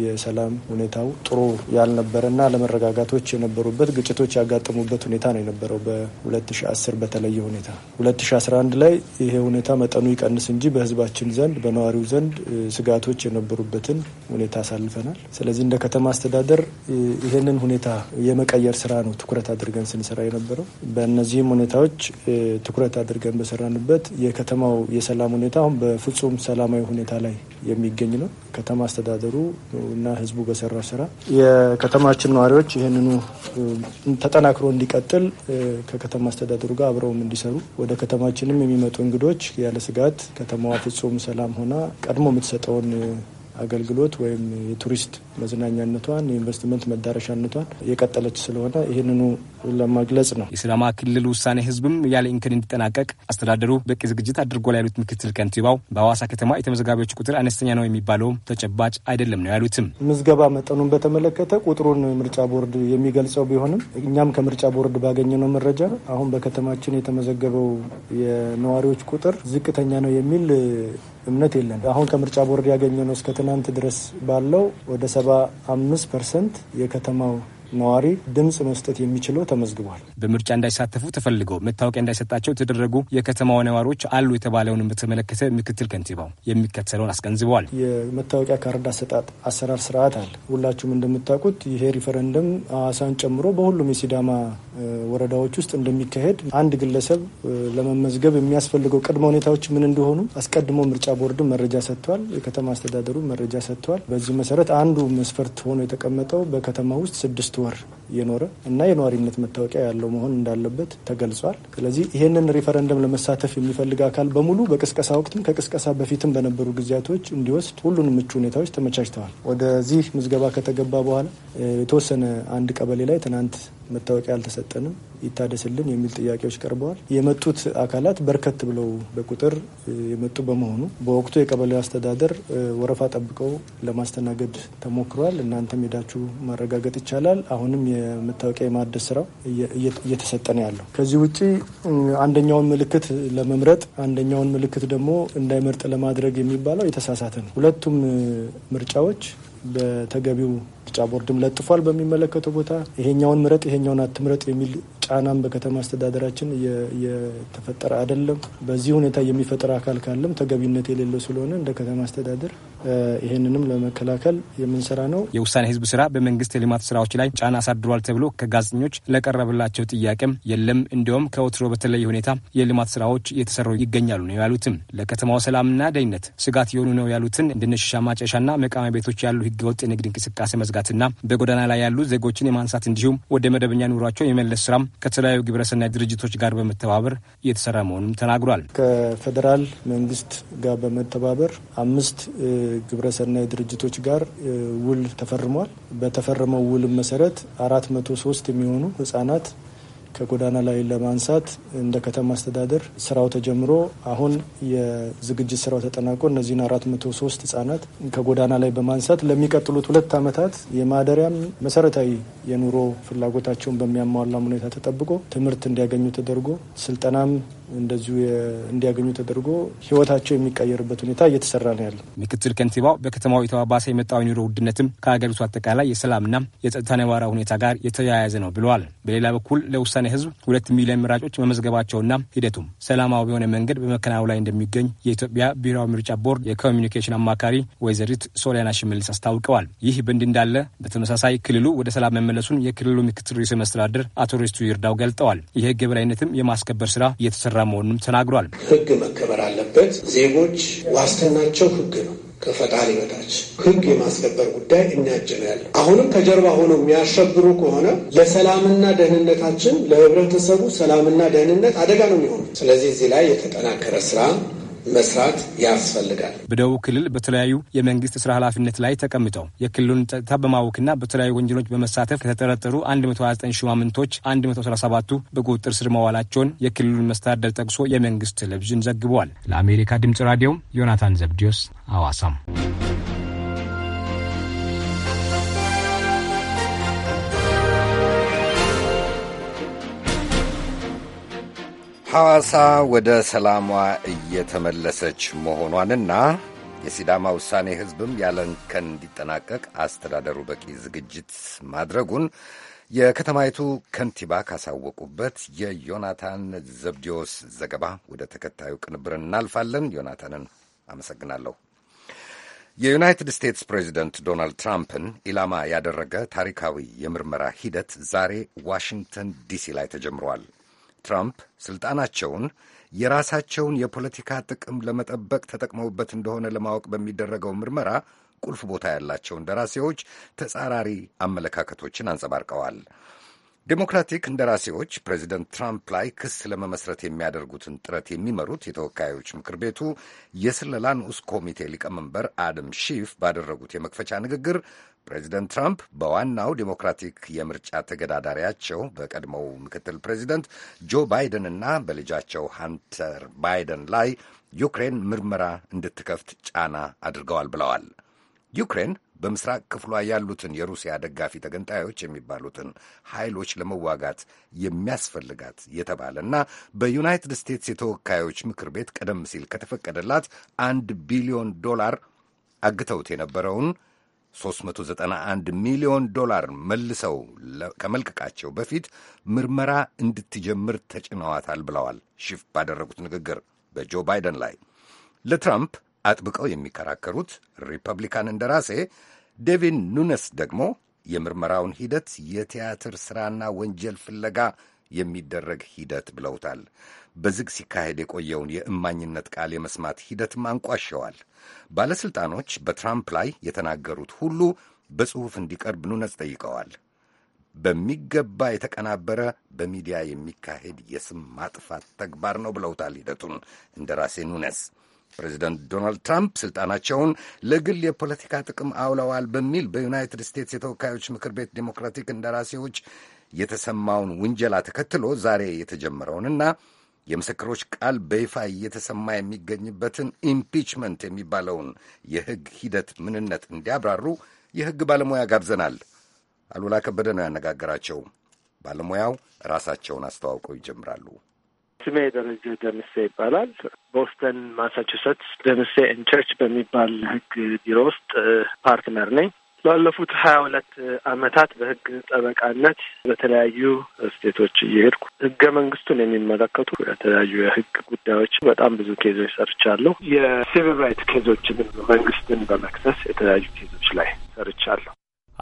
የሰላም ሁኔታው ጥሩ ያልነበረና አለመረጋጋቶች የነበሩበት ግጭቶች ያጋጠሙበት ሁኔታ ነው የነበረው በ2010 በተለየ ሁኔታ 2011 ላይ ይሄ ሁኔታ መጠኑ ይቀንስ እንጂ በህዝባችን ዘንድ በነዋሪው ዘንድ ስጋቶች የነበሩበትን ሁኔታ አሳልፈናል። ስለዚህ እንደ ከተማ አስተዳደር ይህንን ሁኔታ የመቀየር ስራ ነው ትኩረት አድርገን ስንሰራ የነበረው። በእነዚህም ሁኔታዎች ትኩረት አድርገን በሰራንበት የከተማው የሰላም ሁኔታ አሁን በፍጹም ሰላማዊ ሁኔታ ላይ የሚገኝ ነው። ከተማ አስተዳደሩ እና ህዝቡ በሰራው ስራ የከተማችን ነዋሪዎች ይህንኑ ተጠናክሮ እንዲቀጥል ከከተማ አስተዳደሩ ጋር አብረውም እንዲሰሩ ወደ ከተማችንም የሚመጡ እንግዶች ያለ ስጋት ከተማዋ ፍጹም ሰላም ሆና ቀድሞ የምትሰጠውን አገልግሎት ወይም የቱሪስት መዝናኛነቷን የኢንቨስትመንት መዳረሻነቷን የቀጠለች ስለሆነ ይህንኑ ለማግለጽ ነው። የሲዳማ ክልል ውሳኔ ህዝብም ያለ እንከን እንዲጠናቀቅ አስተዳደሩ በቂ ዝግጅት ላይ ያሉት ምክትል ከንቲባው በሐዋሳ ከተማ የተመዘጋቢዎች ቁጥር አነስተኛ ነው የሚባለው ተጨባጭ አይደለም ነው ያሉትም። ምዝገባ መጠኑን በተመለከተ ቁጥሩን ምርጫ ቦርድ የሚገልጸው ቢሆንም እኛም ከምርጫ ቦርድ ባገኘነው መረጃ አሁን በከተማችን የተመዘገበው የነዋሪዎች ቁጥር ዝቅተኛ ነው የሚል እምነት የለን። አሁን ከምርጫ ቦርድ ያገኘነው እስከ ትናንት ድረስ ባለው ወደ ሰባ አምስት ፐርሰንት የከተማው ነዋሪ ድምፅ መስጠት የሚችለው ተመዝግቧል። በምርጫ እንዳይሳተፉ ተፈልገው መታወቂያ እንዳይሰጣቸው የተደረጉ የከተማ ነዋሪዎች አሉ የተባለውን በተመለከተ ምክትል ከንቲባው የሚከተለውን አስገንዝበዋል። የመታወቂያ ካርድ አሰጣጥ አሰራር ስርዓት አለ። ሁላችሁም እንደምታውቁት ይሄ ሪፈረንደም ሐዋሳን ጨምሮ በሁሉም የሲዳማ ወረዳዎች ውስጥ እንደሚካሄድ አንድ ግለሰብ ለመመዝገብ የሚያስፈልገው ቅድመ ሁኔታዎች ምን እንደሆኑ አስቀድሞ ምርጫ ቦርድ መረጃ ሰጥቷል። የከተማ አስተዳደሩ መረጃ ሰጥቷል በዚህ መሰረት አንዱ መስፈርት ሆኖ የተቀመጠው በከተማ ውስጥ ስድስት war የኖረ እና የነዋሪነት መታወቂያ ያለው መሆን እንዳለበት ተገልጿል። ስለዚህ ይህንን ሪፈረንደም ለመሳተፍ የሚፈልግ አካል በሙሉ በቅስቀሳ ወቅትም ከቅስቀሳ በፊትም በነበሩ ጊዜያቶች እንዲወስድ ሁሉንም ምቹ ሁኔታዎች ተመቻችተዋል። ወደዚህ ምዝገባ ከተገባ በኋላ የተወሰነ አንድ ቀበሌ ላይ ትናንት መታወቂያ አልተሰጠንም ይታደስልን የሚል ጥያቄዎች ቀርበዋል። የመጡት አካላት በርከት ብለው በቁጥር የመጡ በመሆኑ በወቅቱ የቀበሌው አስተዳደር ወረፋ ጠብቀው ለማስተናገድ ተሞክሯል። እናንተም ሄዳችሁ ማረጋገጥ ይቻላል። አሁንም የመታወቂያ የማደስ ስራው እየተሰጠ ያለው። ከዚህ ውጭ አንደኛውን ምልክት ለመምረጥ አንደኛውን ምልክት ደግሞ እንዳይመርጥ ለማድረግ የሚባለው የተሳሳተ ነው። ሁለቱም ምርጫዎች በተገቢው ምርጫ ቦርድም ለጥፏል። በሚመለከተው ቦታ ይሄኛውን ምረጥ ይሄኛውን አትምረጥ የሚል ጫናም በከተማ አስተዳደራችን እየተፈጠረ አይደለም። በዚህ ሁኔታ የሚፈጥር አካል ካለም ተገቢነት የሌለው ስለሆነ እንደ ከተማ አስተዳደር ይህንንም ለመከላከል የምንሰራ ነው። የውሳኔ ህዝብ ስራ በመንግስት የልማት ስራዎች ላይ ጫና አሳድሯል ተብሎ ከጋዜጠኞች ለቀረበላቸው ጥያቄም የለም፣ እንዲሁም ከወትሮ በተለየ ሁኔታ የልማት ስራዎች እየተሰሩ ይገኛሉ ነው ያሉትም። ለከተማው ሰላምና ደህንነት ስጋት የሆኑ ነው ያሉትን እንደ ማጨሻና መቃሚያ ቤቶች ያሉ ህገወጥ የንግድ እንቅስቃሴ መዝጋትና በጎዳና ላይ ያሉ ዜጎችን የማንሳት እንዲሁም ወደ መደበኛ ኑሯቸው የመለስ ስራም ከተለያዩ ግብረሰናይ ድርጅቶች ጋር በመተባበር እየተሰራ መሆኑም ተናግሯል። ከፌዴራል መንግስት ጋር በመተባበር አምስት ግብረሰናይ ድርጅቶች ጋር ውል ተፈርሟል። በተፈረመው ውል መሰረት አራት መቶ ሶስት የሚሆኑ ህጻናት ከጎዳና ላይ ለማንሳት እንደ ከተማ አስተዳደር ስራው ተጀምሮ አሁን የዝግጅት ስራው ተጠናቆ እነዚህን አራት መቶ ሶስት ህጻናት ከጎዳና ላይ በማንሳት ለሚቀጥሉት ሁለት ዓመታት የማደሪያም መሰረታዊ የኑሮ ፍላጎታቸውን በሚያሟላም ሁኔታ ተጠብቆ ትምህርት እንዲያገኙ ተደርጎ ስልጠናም እንደዚሁ እንዲያገኙ ተደርጎ ህይወታቸው የሚቀየርበት ሁኔታ እየተሰራ ነው ያለው ምክትል ከንቲባው። በከተማው የተባባሰ የመጣው የኑሮ ውድነትም ከሀገሪቱ አጠቃላይ የሰላምና የጸጥታ ነባራዊ ሁኔታ ጋር የተያያዘ ነው ብለዋል። በሌላ በኩል ለውሳኔ ህዝብ ሁለት ሚሊዮን መራጮች መመዝገባቸውና ሂደቱም ሰላማዊ በሆነ መንገድ በመከናወን ላይ እንደሚገኝ የኢትዮጵያ ብሔራዊ ምርጫ ቦርድ የኮሚኒኬሽን አማካሪ ወይዘሪት ሶሊያና ሽመልስ አስታውቀዋል። ይህ በእንዲህ እንዳለ በተመሳሳይ ክልሉ ወደ ሰላም መመለሱን የክልሉ ምክትል ርዕሰ መስተዳድር አቶ ሬስቱ ይርዳው ገልጠዋል። የህግ የበላይነትም የማስከበር ስራ እየተሰራ መሆኑንም ተናግሯል። ህግ መከበር አለበት። ዜጎች ዋስትናቸው ህግ ነው። ከፈጣሪ በታች ህግ የማስከበር ጉዳይ እኛ እጅ ነው ያለ። አሁንም ከጀርባ ሆነው የሚያሸብሩ ከሆነ ለሰላምና ደህንነታችን፣ ለህብረተሰቡ ሰላምና ደህንነት አደጋ ነው የሚሆኑ። ስለዚህ እዚህ ላይ የተጠናከረ ስራ መስራት ያስፈልጋል። በደቡብ ክልል በተለያዩ የመንግስት ስራ ኃላፊነት ላይ ተቀምጠው የክልሉን ጸጥታ በማወክና በተለያዩ ወንጀሎች በመሳተፍ ከተጠረጠሩ 129 ሹማምንቶች 137ቱ በቁጥጥር ስር መዋላቸውን የክልሉን መስተዳደር ጠቅሶ የመንግስት ቴሌቪዥን ዘግቧል። ለአሜሪካ ድምጽ ራዲዮ ዮናታን ዘብዲዮስ አዋሳም ሐዋሳ ወደ ሰላሟ እየተመለሰች መሆኗንና የሲዳማ ውሳኔ ሕዝብም ያለንከን እንዲጠናቀቅ አስተዳደሩ በቂ ዝግጅት ማድረጉን የከተማይቱ ከንቲባ ካሳወቁበት የዮናታን ዘብዲዎስ ዘገባ ወደ ተከታዩ ቅንብር እናልፋለን። ዮናታንን አመሰግናለሁ። የዩናይትድ ስቴትስ ፕሬዚደንት ዶናልድ ትራምፕን ኢላማ ያደረገ ታሪካዊ የምርመራ ሂደት ዛሬ ዋሽንግተን ዲሲ ላይ ተጀምሯል። ትራምፕ ስልጣናቸውን የራሳቸውን የፖለቲካ ጥቅም ለመጠበቅ ተጠቅመውበት እንደሆነ ለማወቅ በሚደረገው ምርመራ ቁልፍ ቦታ ያላቸው እንደራሴዎች ተጻራሪ አመለካከቶችን አንጸባርቀዋል። ዴሞክራቲክ እንደራሴዎች ፕሬዚደንት ትራምፕ ላይ ክስ ለመመስረት የሚያደርጉትን ጥረት የሚመሩት የተወካዮች ምክር ቤቱ የስለላ ንዑስ ኮሚቴ ሊቀመንበር አደም ሺፍ ባደረጉት የመክፈቻ ንግግር ፕሬዚደንት ትራምፕ በዋናው ዴሞክራቲክ የምርጫ ተገዳዳሪያቸው በቀድሞው ምክትል ፕሬዚደንት ጆ ባይደን እና በልጃቸው ሃንተር ባይደን ላይ ዩክሬን ምርመራ እንድትከፍት ጫና አድርገዋል ብለዋል። ዩክሬን በምስራቅ ክፍሏ ያሉትን የሩሲያ ደጋፊ ተገንጣዮች የሚባሉትን ኃይሎች ለመዋጋት የሚያስፈልጋት የተባለና በዩናይትድ ስቴትስ የተወካዮች ምክር ቤት ቀደም ሲል ከተፈቀደላት አንድ ቢሊዮን ዶላር አግተውት የነበረውን 391 ሚሊዮን ዶላር መልሰው ከመልቀቃቸው በፊት ምርመራ እንድትጀምር ተጭነዋታል ብለዋል። ሽፍ ባደረጉት ንግግር በጆ ባይደን ላይ ለትራምፕ አጥብቀው የሚከራከሩት ሪፐብሊካን እንደራሴ ዴቪን ኑነስ ደግሞ የምርመራውን ሂደት የቲያትር ሥራና ወንጀል ፍለጋ የሚደረግ ሂደት ብለውታል። በዝግ ሲካሄድ የቆየውን የእማኝነት ቃል የመስማት ሂደትም አንቋሸዋል። ባለሥልጣኖች በትራምፕ ላይ የተናገሩት ሁሉ በጽሑፍ እንዲቀርብ ኑነጽ ጠይቀዋል። በሚገባ የተቀናበረ በሚዲያ የሚካሄድ የስም ማጥፋት ተግባር ነው ብለውታል ሂደቱን እንደ ራሴ ኑነስ። ፕሬዚደንት ዶናልድ ትራምፕ ስልጣናቸውን ለግል የፖለቲካ ጥቅም አውለዋል በሚል በዩናይትድ ስቴትስ የተወካዮች ምክር ቤት ዴሞክራቲክ እንደራሴዎች የተሰማውን ውንጀላ ተከትሎ ዛሬ የተጀመረውንና የምስክሮች ቃል በይፋ እየተሰማ የሚገኝበትን ኢምፒችመንት የሚባለውን የሕግ ሂደት ምንነት እንዲያብራሩ የሕግ ባለሙያ ጋብዘናል። አሉላ ከበደ ነው ያነጋገራቸው። ባለሙያው ራሳቸውን አስተዋውቀው ይጀምራሉ። ስሜ ደረጀ ደምሴ ይባላል። ቦስተን ማሳቹሴትስ ደምሴ ኤንድ ቸርች በሚባል ህግ ቢሮ ውስጥ ፓርትነር ነኝ። ባለፉት ሀያ ሁለት አመታት በህግ ጠበቃነት በተለያዩ ስቴቶች እየሄድኩ ህገ መንግስቱን የሚመለከቱ የተለያዩ የህግ ጉዳዮች በጣም ብዙ ኬዞች ሰርቻለሁ። የሲቪል ራይት ኬዞችንም መንግስትን በመክሰስ የተለያዩ ኬዞች ላይ ሰርቻለሁ።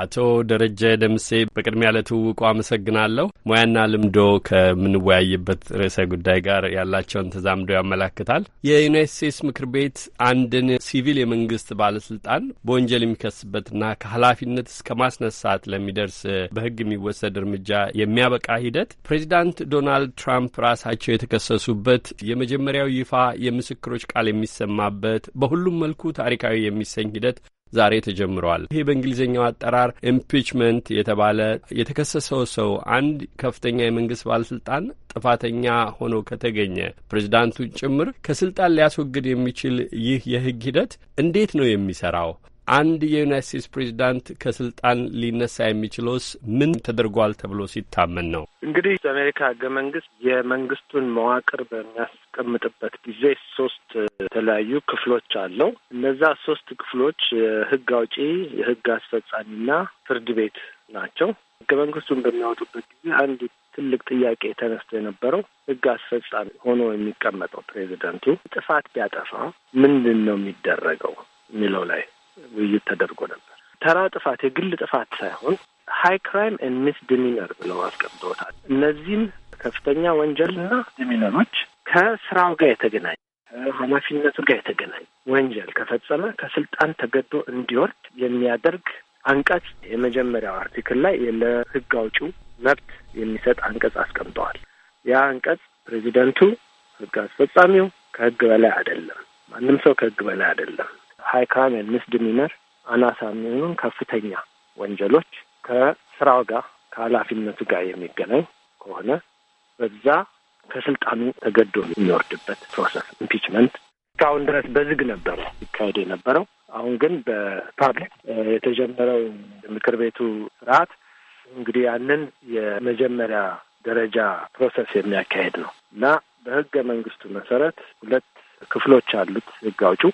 አቶ ደረጀ ደምሴ በቅድሚያ ለትውውቁ አመሰግናለሁ። ሙያና ልምዶ ከምንወያይበት ርዕሰ ጉዳይ ጋር ያላቸውን ተዛምዶ ያመላክታል። የዩናይት ስቴትስ ምክር ቤት አንድን ሲቪል የመንግስት ባለስልጣን በወንጀል የሚከስበትና ከኃላፊነት እስከ ማስነሳት ለሚደርስ በህግ የሚወሰድ እርምጃ የሚያበቃ ሂደት ፕሬዚዳንት ዶናልድ ትራምፕ ራሳቸው የተከሰሱበት የመጀመሪያው ይፋ የምስክሮች ቃል የሚሰማበት በሁሉም መልኩ ታሪካዊ የሚሰኝ ሂደት ዛሬ ተጀምረዋል። ይሄ በእንግሊዝኛው አጠራር ኢምፒችመንት የተባለ የተከሰሰው ሰው አንድ ከፍተኛ የመንግስት ባለስልጣን ጥፋተኛ ሆኖ ከተገኘ ፕሬዚዳንቱን ጭምር ከስልጣን ሊያስወግድ የሚችል ይህ የህግ ሂደት እንዴት ነው የሚሰራው? አንድ የዩናይት ስቴትስ ፕሬዚዳንት ከስልጣን ሊነሳ የሚችለውስ ምን ተደርጓል ተብሎ ሲታመን ነው? እንግዲህ በአሜሪካ ህገ መንግስት የመንግስቱን መዋቅር በሚያስቀምጥበት ጊዜ ሶስት የተለያዩ ክፍሎች አለው። እነዛ ሶስት ክፍሎች የህግ አውጪ፣ የህግ አስፈጻሚና ፍርድ ቤት ናቸው። ህገ መንግስቱን በሚያወጡበት ጊዜ አንድ ትልቅ ጥያቄ ተነስቶ የነበረው ህግ አስፈጻሚ ሆኖ የሚቀመጠው ፕሬዚዳንቱ ጥፋት ቢያጠፋ ምንድን ነው የሚደረገው የሚለው ላይ ውይይት ተደርጎ ነበር። ተራ ጥፋት የግል ጥፋት ሳይሆን ሀይ ክራይም ሚስ ዲሚነር ብለው አስቀምጦታል። እነዚህም ከፍተኛ ወንጀልና ዲሚነሮች ከስራው ጋር የተገናኘ ኃላፊነቱ ጋር የተገናኘ ወንጀል ከፈጸመ ከስልጣን ተገዶ እንዲወርድ የሚያደርግ አንቀጽ የመጀመሪያው አርቲክል ላይ ለህግ አውጪው መብት የሚሰጥ አንቀጽ አስቀምጠዋል። ያ አንቀጽ ፕሬዚደንቱ፣ ህግ አስፈጻሚው ከህግ በላይ አይደለም። ማንም ሰው ከህግ በላይ አይደለም። ሀይ ክራይም ኤንድ ሚስ ዲሚነር አናሳ የሚሆኑን ከፍተኛ ወንጀሎች ከስራው ጋር ከኃላፊነቱ ጋር የሚገናኝ ከሆነ በዛ ከስልጣኑ ተገዶ የሚወርድበት ፕሮሰስ ኢምፒችመንት እስካሁን ድረስ በዝግ ነበረ ይካሄድ የነበረው። አሁን ግን በፓብሊክ የተጀመረው ምክር ቤቱ ስርዓት እንግዲህ ያንን የመጀመሪያ ደረጃ ፕሮሰስ የሚያካሄድ ነው እና በህገ መንግስቱ መሰረት ሁለት ክፍሎች አሉት ህግ አውጪው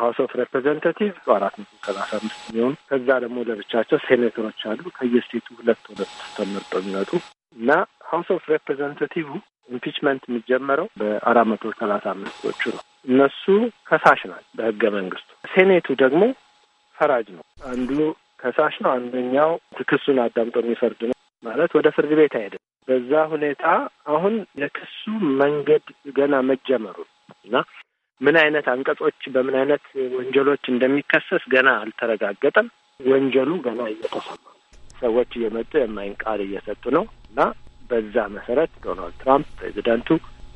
ሀውስ ኦፍ ሬፕሬዘንታቲቭ አራት መቶ ሰላሳ አምስት የሚሆኑ ከዛ ደግሞ ለብቻቸው ሴኔተሮች አሉ ከየስቴቱ ሁለት ሁለት ተመርጦ የሚመጡ እና ሀውስ ኦፍ ሬፕሬዘንታቲቭ ኢምፒችመንት የሚጀመረው በአራት መቶ ሰላሳ አምስቶቹ ነው። እነሱ ከሳሽ ናቸው በህገ መንግስቱ። ሴኔቱ ደግሞ ፈራጅ ነው። አንዱ ከሳሽ ነው፣ አንደኛው ክሱን አዳምጦ የሚፈርድ ነው። ማለት ወደ ፍርድ ቤት አይሄድም። በዛ ሁኔታ አሁን የክሱ መንገድ ገና መጀመሩ እና ምን አይነት አንቀጾች በምን አይነት ወንጀሎች እንደሚከሰስ ገና አልተረጋገጠም። ወንጀሉ ገና እየተሰማ ሰዎች እየመጡ የማይን ቃል እየሰጡ ነው እና በዛ መሰረት ዶናልድ ትራምፕ ፕሬዚዳንቱ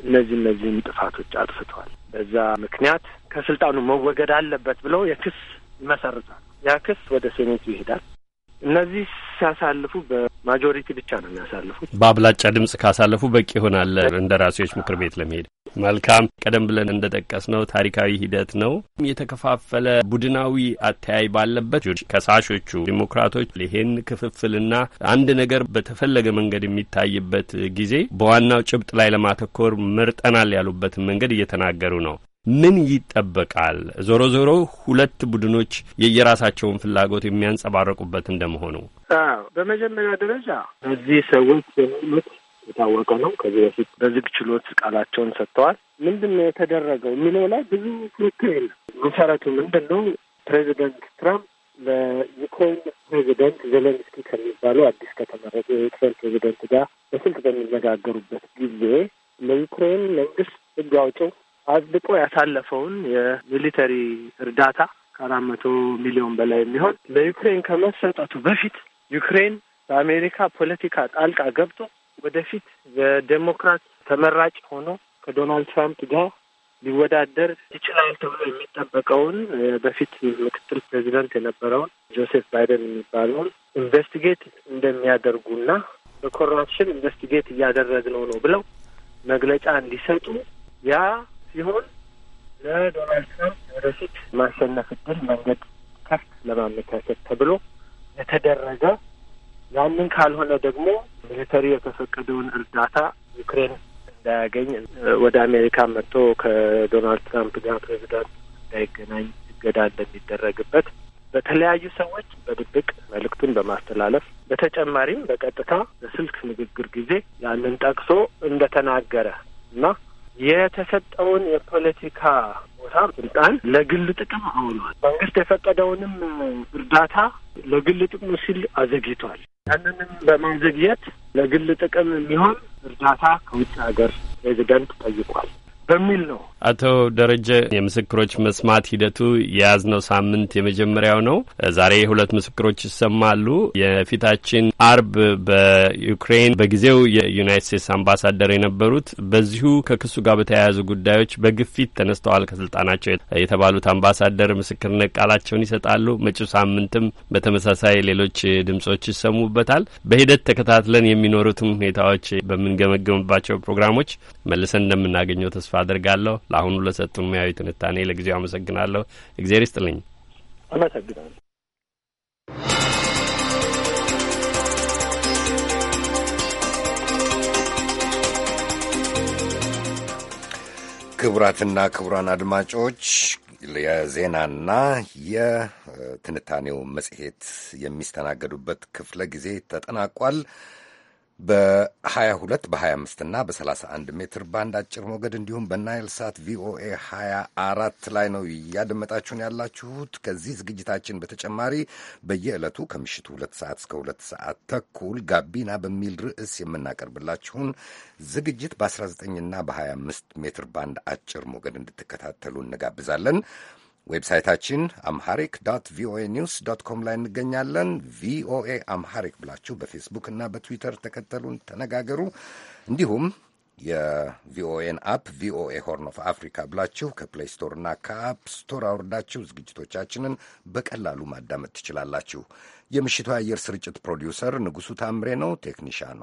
እነዚህ እነዚህን ጥፋቶች አጥፍተዋል፣ በዛ ምክንያት ከስልጣኑ መወገድ አለበት ብለው የክስ ይመሰርታል። ያ ክስ ወደ ሴኔቱ ይሄዳል። እነዚህ ሲያሳልፉ በማጆሪቲ ብቻ ነው የሚያሳልፉት። በአብላጫ ድምጽ ካሳለፉ በቂ ይሆናል እንደራሴዎች ምክር ቤት ለመሄድ። መልካም። ቀደም ብለን እንደ ጠቀስ ነው ታሪካዊ ሂደት ነው። የተከፋፈለ ቡድናዊ አተያይ ባለበት ከሳሾቹ ዲሞክራቶች ይሄን ክፍፍልና አንድ ነገር በተፈለገ መንገድ የሚታይበት ጊዜ በዋናው ጭብጥ ላይ ለማተኮር መርጠናል ያሉበትን መንገድ እየተናገሩ ነው። ምን ይጠበቃል? ዞሮ ዞሮ ሁለት ቡድኖች የየራሳቸውን ፍላጎት የሚያንጸባረቁበት እንደመሆኑ በመጀመሪያ ደረጃ እዚህ ሰዎች የሆኑት የታወቀ ነው። ከዚህ በፊት በዝግ ችሎት ቃላቸውን ሰጥተዋል። ምንድን ነው የተደረገው የሚለው ላይ ብዙ ፍክክር የለም። መሰረቱ ምንድን ነው? ፕሬዚደንት ትራምፕ ለዩክሬን ፕሬዚደንት ዜሌንስኪ ከሚባሉ አዲስ ከተመረጡ የዩክሬን ፕሬዚደንት ጋር በስልክ በሚነጋገሩበት ጊዜ ለዩክሬን መንግስት ህግ አውጪው አጽድቆ ያሳለፈውን የሚሊተሪ እርዳታ ከአራት መቶ ሚሊዮን በላይ የሚሆን ለዩክሬን ከመሰጠቱ በፊት ዩክሬን በአሜሪካ ፖለቲካ ጣልቃ ገብቶ ወደፊት በዴሞክራት ተመራጭ ሆኖ ከዶናልድ ትራምፕ ጋር ሊወዳደር ይችላል ተብሎ የሚጠበቀውን በፊት ምክትል ፕሬዚደንት የነበረውን ጆሴፍ ባይደን የሚባለውን ኢንቨስቲጌት እንደሚያደርጉና በኮራፕሽን ኢንቨስቲጌት እያደረግነው ነው ብለው መግለጫ እንዲሰጡ ያ ሲሆን ለዶናልድ ትራምፕ የወደፊት ማሸነፍ እድል መንገድ ከፍት ለማመቻቸት ተብሎ የተደረገ ያንን ካልሆነ ደግሞ ሚሊተሪ የተፈቀደውን እርዳታ ዩክሬን እንዳያገኝ ወደ አሜሪካ መጥቶ ከዶናልድ ትራምፕ ጋር ፕሬዚዳንት እንዳይገናኝ እገዳ እንደሚደረግበት በተለያዩ ሰዎች በድብቅ መልእክቱን በማስተላለፍ በተጨማሪም በቀጥታ በስልክ ንግግር ጊዜ ያንን ጠቅሶ እንደተናገረ እና የተሰጠውን የፖለቲካ ቦታ ስልጣን ለግል ጥቅም አውሏል። መንግስት የፈቀደውንም እርዳታ ለግል ጥቅሙ ሲል አዘግይቷል። ያንንም በማዘግየት ለግል ጥቅም የሚሆን እርዳታ ከውጭ ሀገር ፕሬዚደንት ጠይቋል። በሚል ነው። አቶ ደረጀ የምስክሮች መስማት ሂደቱ የያዝነው ሳምንት የመጀመሪያው ነው። ዛሬ ሁለት ምስክሮች ይሰማሉ። የፊታችን አርብ በዩክሬን በጊዜው የዩናይት ስቴትስ አምባሳደር የነበሩት በዚሁ ከክሱ ጋር በተያያዙ ጉዳዮች በግፊት ተነስተዋል ከስልጣናቸው የተባሉት አምባሳደር ምስክርነት ቃላቸውን ይሰጣሉ። መጪው ሳምንትም በተመሳሳይ ሌሎች ድምጾች ይሰሙበታል። በሂደት ተከታትለን የሚኖሩትን ሁኔታዎች በምንገመገምባቸው ፕሮግራሞች መልሰን እንደምናገኘው ተስፋ አድርጋለሁ። ለአሁኑ ለሰጡን ሙያዊ ትንታኔ ለጊዜው አመሰግናለሁ። እግዜር ይስጥልኝ። አመሰግናለሁ። ክቡራትና ክቡራን አድማጮች የዜናና የትንታኔው መጽሔት የሚስተናገዱበት ክፍለ ጊዜ ተጠናቋል። በ22 በ25 እና በ31 ሜትር ባንድ አጭር ሞገድ እንዲሁም በናይል ሳት ቪኦኤ 24 ላይ ነው እያደመጣችሁን ያላችሁት። ከዚህ ዝግጅታችን በተጨማሪ በየዕለቱ ከምሽቱ 2 ሰዓት እስከ 2 ሰዓት ተኩል ጋቢና በሚል ርዕስ የምናቀርብላችሁን ዝግጅት በ19 እና በ25 ሜትር ባንድ አጭር ሞገድ እንድትከታተሉ እንጋብዛለን። ዌብሳይታችን አምሐሪክ ዶት ቪኦኤ ኒውስ ዶት ኮም ላይ እንገኛለን። ቪኦኤ አምሐሪክ ብላችሁ በፌስቡክ እና በትዊተር ተከተሉን፣ ተነጋገሩ። እንዲሁም የቪኦኤን አፕ ቪኦኤ ሆርን ኦፍ አፍሪካ ብላችሁ ከፕሌይ ስቶር እና ከአፕ ስቶር አውርዳችሁ ዝግጅቶቻችንን በቀላሉ ማዳመጥ ትችላላችሁ። የምሽቱ የአየር ስርጭት ፕሮዲውሰር ንጉሡ ታምሬ ነው። ቴክኒሻኗ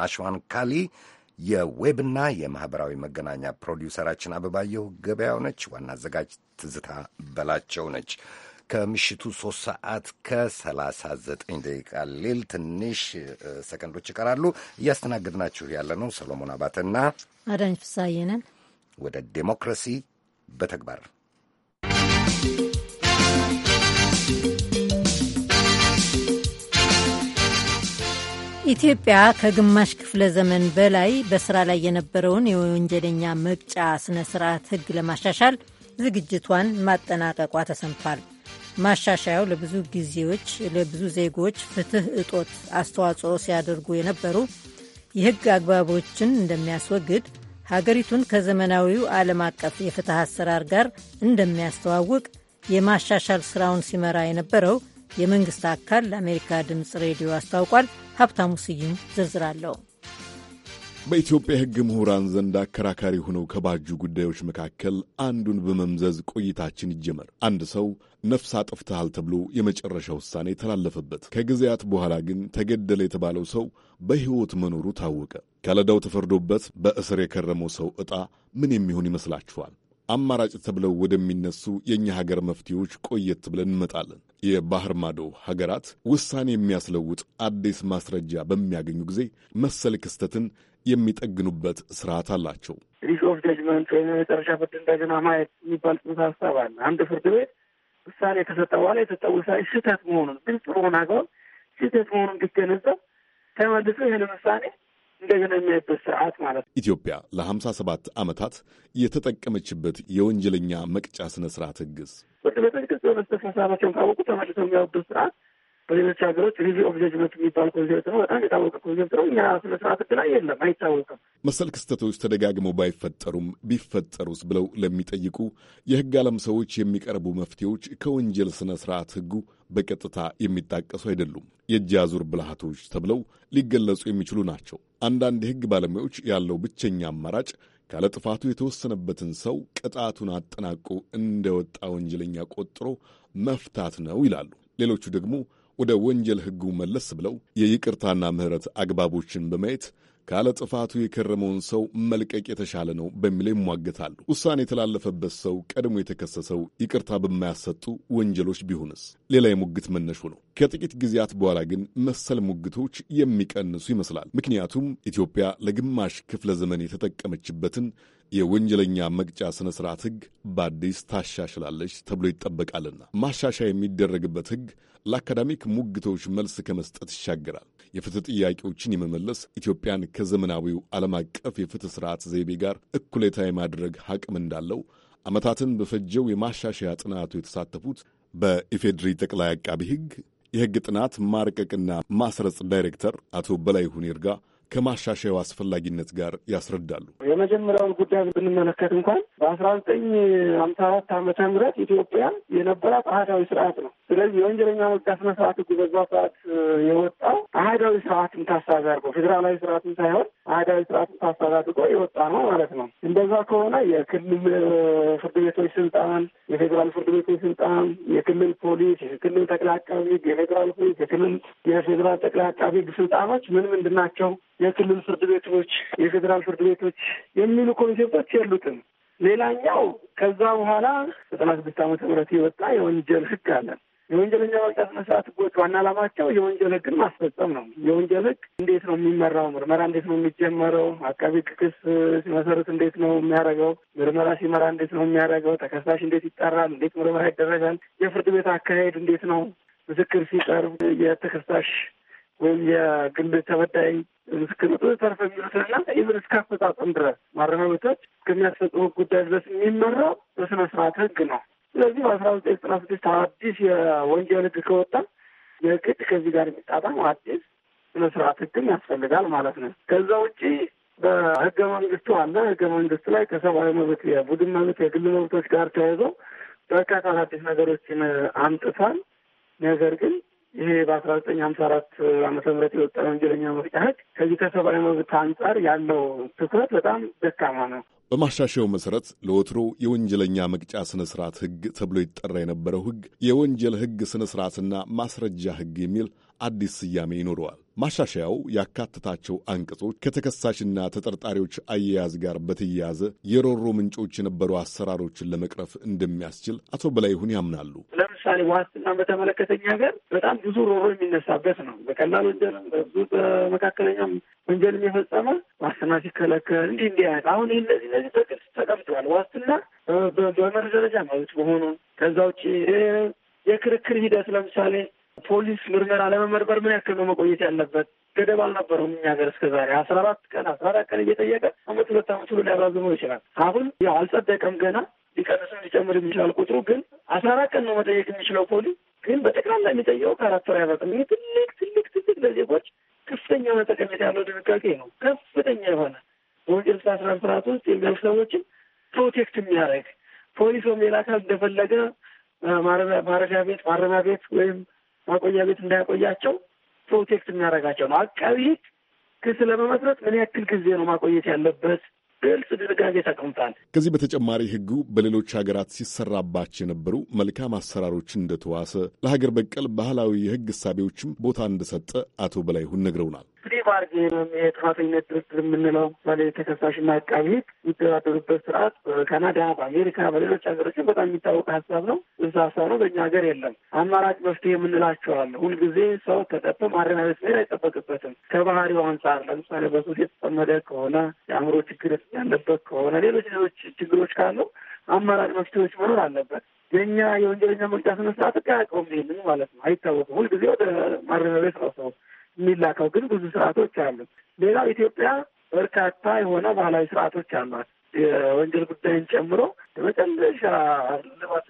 ናሽዋን ካሊ የዌብና የማህበራዊ መገናኛ ፕሮዲውሰራችን አበባየሁ ገበያው ነች። ዋና አዘጋጅ ትዝታ በላቸው ነች። ከምሽቱ ሶስት ሰዓት ከሰላሳ ዘጠኝ ደቂቃ ሌል ትንሽ ሰከንዶች ይቀራሉ። እያስተናገድናችሁ ያለ ነው ሰሎሞን አባተና አዳኝ ፍስሐዬ ነን። ወደ ዴሞክራሲ በተግባር ኢትዮጵያ ከግማሽ ክፍለ ዘመን በላይ በስራ ላይ የነበረውን የወንጀለኛ መቅጫ ስነ ስርዓት ህግ ለማሻሻል ዝግጅቷን ማጠናቀቋ ተሰምቷል። ማሻሻያው ለብዙ ጊዜዎች ለብዙ ዜጎች ፍትህ እጦት አስተዋጽኦ ሲያደርጉ የነበሩ የህግ አግባቦችን እንደሚያስወግድ፣ ሀገሪቱን ከዘመናዊው ዓለም አቀፍ የፍትህ አሰራር ጋር እንደሚያስተዋውቅ የማሻሻል ስራውን ሲመራ የነበረው የመንግስት አካል ለአሜሪካ ድምፅ ሬዲዮ አስታውቋል። ሀብታሙ ስዩም ዝርዝራለሁ። በኢትዮጵያ የሕግ ምሁራን ዘንድ አከራካሪ ሆነው ከባጁ ጉዳዮች መካከል አንዱን በመምዘዝ ቆይታችን ይጀመር። አንድ ሰው ነፍስ አጥፍተሃል ተብሎ የመጨረሻ ውሳኔ ተላለፈበት። ከጊዜያት በኋላ ግን ተገደለ የተባለው ሰው በሕይወት መኖሩ ታወቀ። ከለዳው ተፈርዶበት በእስር የከረመው ሰው ዕጣ ምን የሚሆን ይመስላችኋል? አማራጭ ተብለው ወደሚነሱ የእኛ ሀገር መፍትሄዎች ቆየት ብለን እንመጣለን። የባህር ማዶ ሀገራት ውሳኔ የሚያስለውጥ አዲስ ማስረጃ በሚያገኙ ጊዜ መሰል ክስተትን የሚጠግኑበት ስርዓት አላቸው። ሪስ ኦፍ ጀጅመንት ወይም የመጨረሻ ፍርድ እንደገና ማየት የሚባል ጽንሰ ሀሳብ አለ። አንድ ፍርድ ቤት ውሳኔ ከሰጠ በኋላ የሰጠው ውሳኔ ስህተት መሆኑን ግልጽ በሆነ አግባብ ስህተት መሆኑን እንዲገነዘብ ተመልሶ ይህን ውሳኔ እንደገና የሚያይበት ስርዓት ማለት ነው። ኢትዮጵያ ለሀምሳ ሰባት ዓመታት የተጠቀመችበት የወንጀለኛ መቅጫ ስነ ስርዓት ህግስ ፍርድ ቤቶች ክስ በመስተሳሳባቸውን ካወቁ ተመልሰው የሚያወዱት ስርዓት በሌሎች ሀገሮች ሪቪ ኦፍ ጀጅመንት የሚባል ኮንሴፕት ነው። በጣም የታወቀ ኮንሴፕት ነው። እኛ ስነ ስርዓት ህግ ላይ የለም፣ አይታወቅም። መሰል ክስተቶች ተደጋግመው ባይፈጠሩም ቢፈጠሩስ ብለው ለሚጠይቁ የህግ ዓለም ሰዎች የሚቀርቡ መፍትሄዎች ከወንጀል ስነ ስርዓት ህጉ በቀጥታ የሚጣቀሱ አይደሉም። የእጅ አዙር ብልሃቶች ተብለው ሊገለጹ የሚችሉ ናቸው። አንዳንድ የሕግ ባለሙያዎች ያለው ብቸኛ አማራጭ ካለ ጥፋቱ የተወሰነበትን ሰው ቅጣቱን አጠናቆ እንደወጣ ወንጀለኛ ቆጥሮ መፍታት ነው ይላሉ። ሌሎቹ ደግሞ ወደ ወንጀል ሕጉ መለስ ብለው የይቅርታና ምሕረት አግባቦችን በማየት ካለ ጥፋቱ የከረመውን ሰው መልቀቅ የተሻለ ነው በሚለው ይሟገታሉ። ውሳኔ የተላለፈበት ሰው ቀድሞ የተከሰሰው ይቅርታ በማያሰጡ ወንጀሎች ቢሆንስ ሌላ የሙግት መነሹ ነው። ከጥቂት ጊዜያት በኋላ ግን መሰል ሙግቶች የሚቀንሱ ይመስላል። ምክንያቱም ኢትዮጵያ ለግማሽ ክፍለ ዘመን የተጠቀመችበትን የወንጀለኛ መቅጫ ስነ ስርዓት ህግ በአዲስ ታሻሽላለች ተብሎ ይጠበቃልና ማሻሻያ የሚደረግበት ህግ ለአካዳሚክ ሙግቶች መልስ ከመስጠት ይሻገራል። የፍትህ ጥያቄዎችን የመመለስ ኢትዮጵያን ከዘመናዊው ዓለም አቀፍ የፍትህ ስርዓት ዘይቤ ጋር እኩሌታ የማድረግ አቅም እንዳለው ዓመታትን በፈጀው የማሻሻያ ጥናቱ የተሳተፉት በኢፌድሪ ጠቅላይ አቃቢ ህግ የህግ ጥናት ማርቀቅና ማስረጽ ዳይሬክተር አቶ በላይሁን ይርጋ ከማሻሻዩ አስፈላጊነት ጋር ያስረዳሉ። የመጀመሪያውን ጉዳይ ብንመለከት እንኳን በአስራ ዘጠኝ ሀምሳ አራት ዓመተ ምህረት ኢትዮጵያ የነበራት አህዳዊ ስርዓት ነው። ስለዚህ የወንጀለኛ መቅጫ ስነ ስርዓት ህጉ በዛ ሰዓት የወጣው አህዳዊ ስርዓትን ታሳቢ አድርጎ ፌዴራላዊ ስርዓትን ሳይሆን አህዳዊ ስርዓትን ታሳቢ አድርጎ የወጣ ነው ማለት ነው። እንደዛ ከሆነ የክልል ፍርድ ቤቶች ስልጣን፣ የፌዴራል ፍርድ ቤቶች ስልጣን፣ የክልል ፖሊስ፣ የክልል ጠቅላይ አቃቢ ህግ፣ የፌዴራል ፖሊስ፣ የክልል የፌዴራል ጠቅላይ አቃቢ ህግ ስልጣኖች ምን ምንድን ናቸው? የክልል ፍርድ ቤቶች፣ የፌዴራል ፍርድ ቤቶች የሚሉ ኮንሴፕቶች የሉትም። ሌላኛው ከዛ በኋላ ዘጠና ስድስት ዓመተ ምህረት የወጣ የወንጀል ህግ አለ። የወንጀለኛ መቅጫ ስነ ስርዓት ህጎች ዋና ዓላማቸው የወንጀል ህግን ማስፈጸም ነው። የወንጀል ህግ እንዴት ነው የሚመራው? ምርመራ እንዴት ነው የሚጀመረው? አቃቢ ክስ ሲመሰርት እንዴት ነው የሚያደርገው? ምርመራ ሲመራ እንዴት ነው የሚያደርገው? ተከሳሽ እንዴት ይጠራል? እንዴት ምርመራ ይደረጋል? የፍርድ ቤት አካሄድ እንዴት ነው? ምስክር ሲቀርብ የተከሳሽ ወይም የግል ተበዳይ ምስክር ተርፈ የሚሉትና ኢቨን እስከ አፈጻጸም ድረስ ማረሚያ ቤቶች እስከሚያስፈጽሙት ጉዳይ ድረስ የሚመራው በስነ ስርዓት ህግ ነው። ስለዚህ በአስራ ዘጠኝ ዘጠና ስድስት አዲስ የወንጀል ህግ ከወጣ የግድ ከዚህ ጋር የሚጣጣም አዲስ ስነ ስርዓት ህግም ያስፈልጋል ማለት ነው። ከዛ ውጪ በህገ መንግስቱ አለ። ህገ መንግስቱ ላይ ከሰብአዊ መብት፣ የቡድን መብት፣ የግል መብቶች ጋር ተያይዞ በርካታ አዳዲስ ነገሮችን አምጥቷል። ነገር ግን ይሄ በአስራ ዘጠኝ ሀምሳ አራት አመተ ምህረት የወጣ ወንጀለኛ መቅጫ ህግ ከዚህ ከሰብአዊ መብት አንጻር ያለው ትኩረት በጣም ደካማ ነው። በማሻሻያው መሰረት ለወትሮ የወንጀለኛ መቅጫ ስነ ስርዓት ህግ ተብሎ ይጠራ የነበረው ህግ የወንጀል ህግ ስነ ስርዓትና ማስረጃ ህግ የሚል አዲስ ስያሜ ይኖረዋል። ማሻሻያው ያካተታቸው አንቀጾች ከተከሳሽና ተጠርጣሪዎች አያያዝ ጋር በተያያዘ የሮሮ ምንጮች የነበሩ አሰራሮችን ለመቅረፍ እንደሚያስችል አቶ በላይሁን ያምናሉ። ለምሳሌ ዋስትናን በተመለከተ እኛ ሀገር በጣም ብዙ ሮሮ የሚነሳበት ነው። በቀላል ወንጀልም በብዙ በመካከለኛም ወንጀል የፈጸመ ዋስትና ሲከለከል እንዲህ እንዲህ አይነት አሁን ይህ እነዚህ እነዚህ በግልጽ ተቀምጠዋል። ዋስትና በመር ደረጃ መብት መሆኑ ከዛ ውጭ የክርክር ሂደት ለምሳሌ ፖሊስ ምርመራ ለመመርመር ምን ያክል ነው መቆየት ያለበት? ገደብ አልነበረውም። እኛ ሀገር እስከ ዛሬ አስራ አራት ቀን አስራ አራት ቀን እየጠየቀ አመት ሁለት አመት ሁሉ ሊያራዝመው ይችላል። አሁን ያው አልጸደቀም ገና ሊቀንስም ሊጨምርም ይችላል ቁጥሩ። ግን አስራ አራት ቀን ነው መጠየቅ የሚችለው ፖሊስ። ግን በጠቅላላ የሚጠየቀው ከአራት ወር አይበቅም። ይህ ትልቅ ትልቅ ትልቅ ለዜጎች ከፍተኛ የሆነ ጠቀሜታ ያለው ድንጋጌ ነው። ከፍተኛ የሆነ በወንጀል ስራ ስራ ስርዓት ውስጥ የሚያልፍ ሰዎችን ፕሮቴክት የሚያደርግ ፖሊስ ወይም ሌላ አካል እንደፈለገ ማረፊያ ቤት፣ ማረሚያ ቤት ወይም ማቆያ ቤት እንዳያቆያቸው ፕሮቴክት የሚያደርጋቸው ነው። አቃቢ ሕግ ክስ ለመመስረት ምን ያክል ጊዜ ነው ማቆየት ያለበት ግልጽ ድንጋጌ ተቀምጧል። ከዚህ በተጨማሪ ህጉ በሌሎች ሀገራት ሲሰራባቸው የነበሩ መልካም አሰራሮች እንደተዋሰ፣ ለሀገር በቀል ባህላዊ የህግ እሳቤዎችም ቦታ እንደሰጠ አቶ በላይሁን ነግረውናል። ፍሪ ማርጌ የጥፋተኝነት ድርድር የምንለው ለምሳሌ ተከሳሽና አቃቢ የሚደራደሩበት ስርዓት በካናዳ በአሜሪካ በሌሎች ሀገሮችን በጣም የሚታወቅ ሀሳብ ነው። እዛ ሀሳብ ነው በእኛ ሀገር የለም። አማራጭ መፍትሄ የምንላቸዋለ ሁልጊዜ ሰው ተጠበ ማረሚያ ቤት መሄድ አይጠበቅበትም። ከባህሪው አንጻር ለምሳሌ በሱስ የተጠመደ ከሆነ የአእምሮ ችግር ያለበት ከሆነ ሌሎች ሌሎች ችግሮች ካሉ አማራጭ መፍትሄዎች መኖር አለበት። የእኛ የወንጀለኛ መቅጫ ስነ ስርዓት እቃ ያቀውም ይሄንን ማለት ነው። አይታወቅም። ሁልጊዜ ወደ ማረሚያ ቤት ነው ሰው የሚላከው ግን ብዙ ስርዓቶች አሉ። ሌላው ኢትዮጵያ በርካታ የሆነ ባህላዊ ስርዓቶች አሏት። የወንጀል ጉዳይን ጨምሮ የመጨረሻ ልባት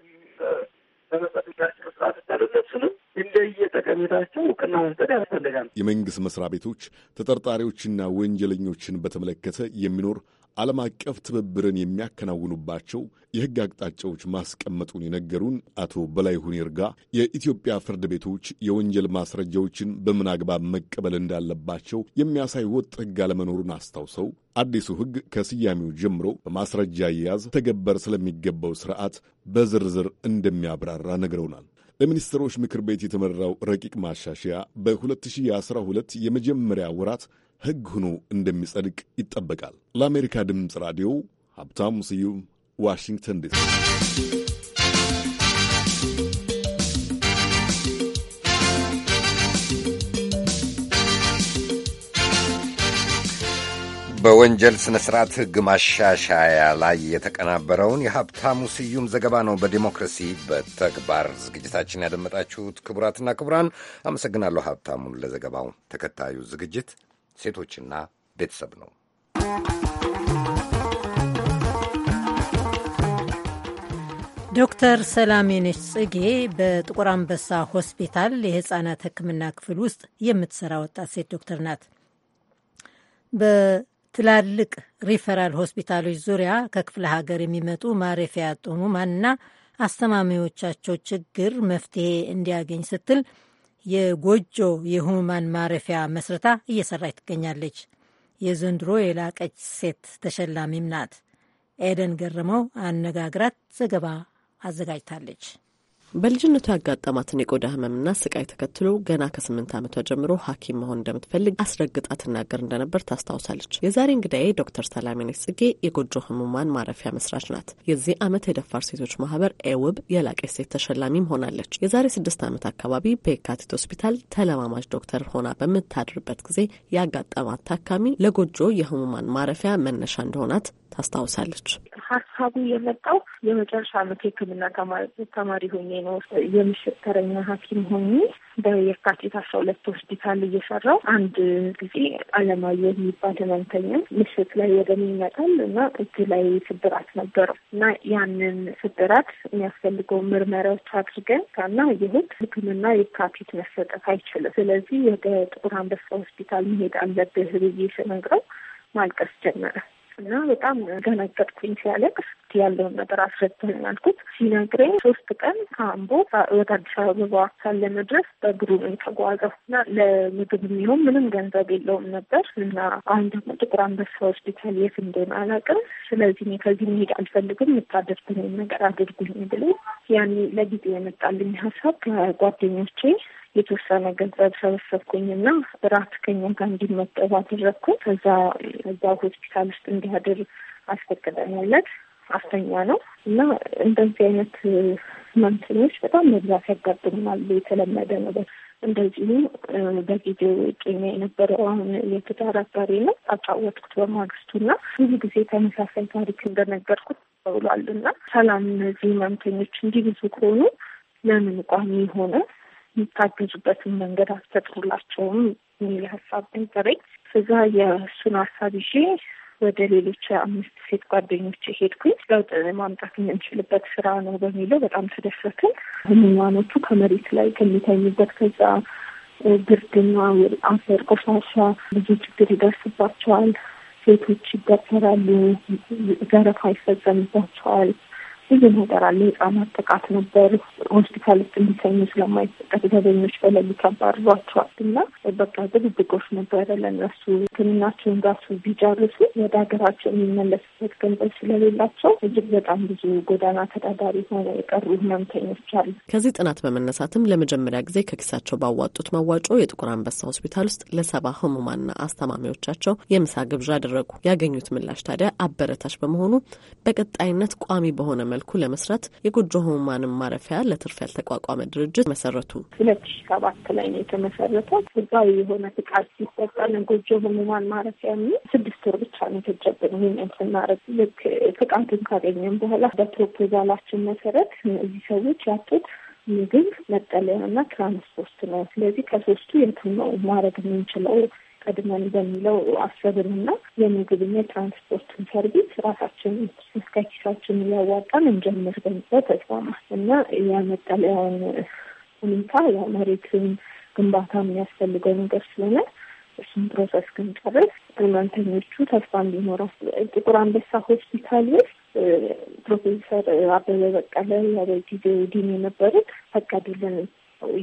ለመጠቅላቸው ስርዓቶች አሉ። እነሱንም እንደየጠቀሜታቸው እውቅና መስጠት ያስፈልጋል። የመንግስት መስሪያ ቤቶች ተጠርጣሪዎችና ወንጀለኞችን በተመለከተ የሚኖር ዓለም አቀፍ ትብብርን የሚያከናውኑባቸው የሕግ አቅጣጫዎች ማስቀመጡን የነገሩን አቶ በላይሁን ይርጋ የኢትዮጵያ ፍርድ ቤቶች የወንጀል ማስረጃዎችን በምን አግባብ መቀበል እንዳለባቸው የሚያሳይ ወጥ ሕግ አለመኖሩን አስታውሰው አዲሱ ሕግ ከስያሜው ጀምሮ በማስረጃ አያያዝ ተገበር ስለሚገባው ስርዓት በዝርዝር እንደሚያብራራ ነግረውናል። ለሚኒስትሮች ምክር ቤት የተመራው ረቂቅ ማሻሻያ በ2012 የመጀመሪያ ወራት ሕግ ሆኖ እንደሚጸድቅ ይጠበቃል። ለአሜሪካ ድምፅ ራዲዮ ሀብታሙ ስዩም ዋሽንግተን ዲሲ በወንጀል ስነ ስርዓት ህግ ማሻሻያ ላይ የተቀናበረውን የሀብታሙ ስዩም ዘገባ ነው በዲሞክራሲ በተግባር ዝግጅታችን ያደመጣችሁት። ክቡራትና ክቡራን አመሰግናለሁ ሀብታሙን ለዘገባው። ተከታዩ ዝግጅት ሴቶችና ቤተሰብ ነው። ዶክተር ሰላሜነች ጽጌ በጥቁር አንበሳ ሆስፒታል የህፃናት ህክምና ክፍል ውስጥ የምትሰራ ወጣት ሴት ዶክተር ናት። ትላልቅ ሪፈራል ሆስፒታሎች ዙሪያ ከክፍለ ሀገር የሚመጡ ማረፊያ ያጡ ሕሙማንና አስተማሚዎቻቸው ችግር መፍትሄ እንዲያገኝ ስትል የጎጆ የሕሙማን ማረፊያ መስረታ እየሰራች ትገኛለች። የዘንድሮ የላቀች ሴት ተሸላሚም ናት። ኤደን ገረመው አነጋግራት ዘገባ አዘጋጅታለች። በልጅነቷ ያጋጠማትን የቆዳ ህመምና ስቃይ ተከትሎ ገና ከስምንት ዓመቷ ጀምሮ ሐኪም መሆን እንደምትፈልግ አስረግጣ ትናገር እንደነበር ታስታውሳለች። የዛሬ እንግዳዬ ዶክተር ሰላሜነሽ ጽጌ የጎጆ ህሙማን ማረፊያ መስራች ናት። የዚህ ዓመት የደፋር ሴቶች ማህበር ኤውብ የላቀ ሴት ተሸላሚም ሆናለች። የዛሬ ስድስት ዓመት አካባቢ በየካቲት ሆስፒታል ተለማማች ዶክተር ሆና በምታድርበት ጊዜ ያጋጠማት ታካሚ ለጎጆ የህሙማን ማረፊያ መነሻ እንደሆናት ታስታውሳለች። ሀሳቡ የመጣው የመጨረሻ ዓመት የህክምና ተማሪ ሆኜ ነው የምሽት ተረኛ ሐኪም ሆኜ በየካቲት አስራ ሁለት ሆስፒታል እየሰራው አንድ ጊዜ አለማየሁ የሚባል ህመምተኛ ምሽት ላይ ወደ እኔ ይመጣል እና እጅ ላይ ስብራት ነበረው እና ያንን ስብራት የሚያስፈልገው ምርመራዎች አድርገን እና ይሁት ህክምና የካቲት መሰጠት አይችልም። ስለዚህ ወደ ጥቁር አንበሳ ሆስፒታል መሄድ አለብህ ብዬ ስነግረው ማልቀስ ጀመረ። እና በጣም ገነገጥኩኝ። ሲያለቅስ ያለውን ነገር አስረዳኝ አልኩት። ሲነግረኝ ሶስት ቀን ከአምቦ ወደ አዲስ አበባ ሳለመድረስ በእግሩ ነው የተጓዘው እና ለምግብ የሚሆን ምንም ገንዘብ የለውም ነበር እና አሁን ደግሞ ጥቁር አንበሳ ሆስፒታል የት እንደሆነ አላውቅም። ስለዚህ እኔ ከዚህ መሄድ አልፈልግም፣ የምታደርጉኝ ነገር አድርጉኝ ብሎ ያኔ ለጊዜ የመጣልኝ ሀሳብ ከጓደኞቼ የተወሰነ ገንዘብ ሰበሰብኩኝና ራት ከኛ ጋር እንዲመጠብ አደረግኩ። ከዛ እዛ ሆስፒታል ውስጥ እንዲያድር አስፈቅደናለት አስተኛ ነው እና እንደዚህ አይነት ህመምተኞች በጣም መብዛት ያጋጥማሉ። የተለመደ ነገር እንደዚሁ በጊዜው ቄኛ የነበረው አሁን የትዳር አጋሪ ነው አጫወትኩት በማግስቱ እና ብዙ ጊዜ ተመሳሳይ ታሪክ እንደነገርኩት ተውሏል እና ሰላም እነዚህ ህመምተኞች እንዲህ ብዙ ከሆኑ ለምን ቋሚ የሆነ የሚታገዙበትን መንገድ አልፈጥሩላቸውም የሚል ሀሳብ ነበረኝ። ከዛ የእሱን ሀሳብ ይዤ ወደ ሌሎች አምስት ሴት ጓደኞች ሄድኩኝ። ለውጥ ማምጣት የምንችልበት ስራ ነው በሚለው በጣም ተደሰትን። ህሙማኖቹ ከመሬት ላይ ከሚተኙበት ከዛ ግርድና አፈር ቆሻሻ ብዙ ችግር ይደርስባቸዋል። ሴቶች ይገፈራሉ፣ ዘረፋ ይፈጸምባቸዋል። ብዙ ነገር አለ። ህጻናት ጥቃት ነበር። ሆስፒታል ውስጥ እንዲሰኙ ስለማይፈቀድ ዘበኞች በሌሊት ያባርሯቸዋል እና በቃ ብግብጎች ነበረ። ለነሱ ህክምናቸውን ራሱ ቢጨርሱ ወደ ሀገራቸው የሚመለስበት ገንዘብ ስለሌላቸው እጅግ በጣም ብዙ ጎዳና ተዳዳሪ ሆነ የቀሩ ህመምተኞች አሉ። ከዚህ ጥናት በመነሳትም ለመጀመሪያ ጊዜ ከኪሳቸው ባዋጡት መዋጮ የጥቁር አንበሳ ሆስፒታል ውስጥ ለሰባ ህሙማንና አስተማሚዎቻቸው የምሳ ግብዣ አደረጉ። ያገኙት ምላሽ ታዲያ አበረታች በመሆኑ በቀጣይነት ቋሚ በሆነ መልኩ መልኩ ለመስራት የጎጆ ህሙማንም ማረፊያ ለትርፍ ያልተቋቋመ ድርጅት መሰረቱ። ሁለት ሺ ሰባት ላይ ነው የተመሰረተው። ህጋዊ የሆነ ፍቃድ ሲሰጠን ጎጆ ህሙማን ማረፊያ የሚል ስድስት ወር ብቻ ነው የተጀብን። ይህንን ስናረግ ልክ ፍቃዱን ካገኘን በኋላ በፕሮፖዛላችን መሰረት እነዚህ ሰዎች ያጡት ምግብ፣ መጠለያና ትራንስፖርት ነው። ስለዚህ ከሶስቱ የትነው ነው ማድረግ የምንችለው ቀድመን በሚለው አሰብንና የምግብና የትራንስፖርትን ሰርቪስ ራሳችን እስከ ኪሳችን እያዋጣን እንጀምር በሚለው ተስማማ እና የመጠለያውን ሁኔታ ያው መሬትን ግንባታ የሚያስፈልገው ነገር ስለሆነ እሱን ፕሮሰስ ግን ጨርስ ህመምተኞቹ ተስፋ እንዲኖራ ጥቁር አንበሳ ሆስፒታል ውስጥ ፕሮፌሰር አበበ በቀለ ጊዜ ዲን የነበሩት ፈቀዱልን።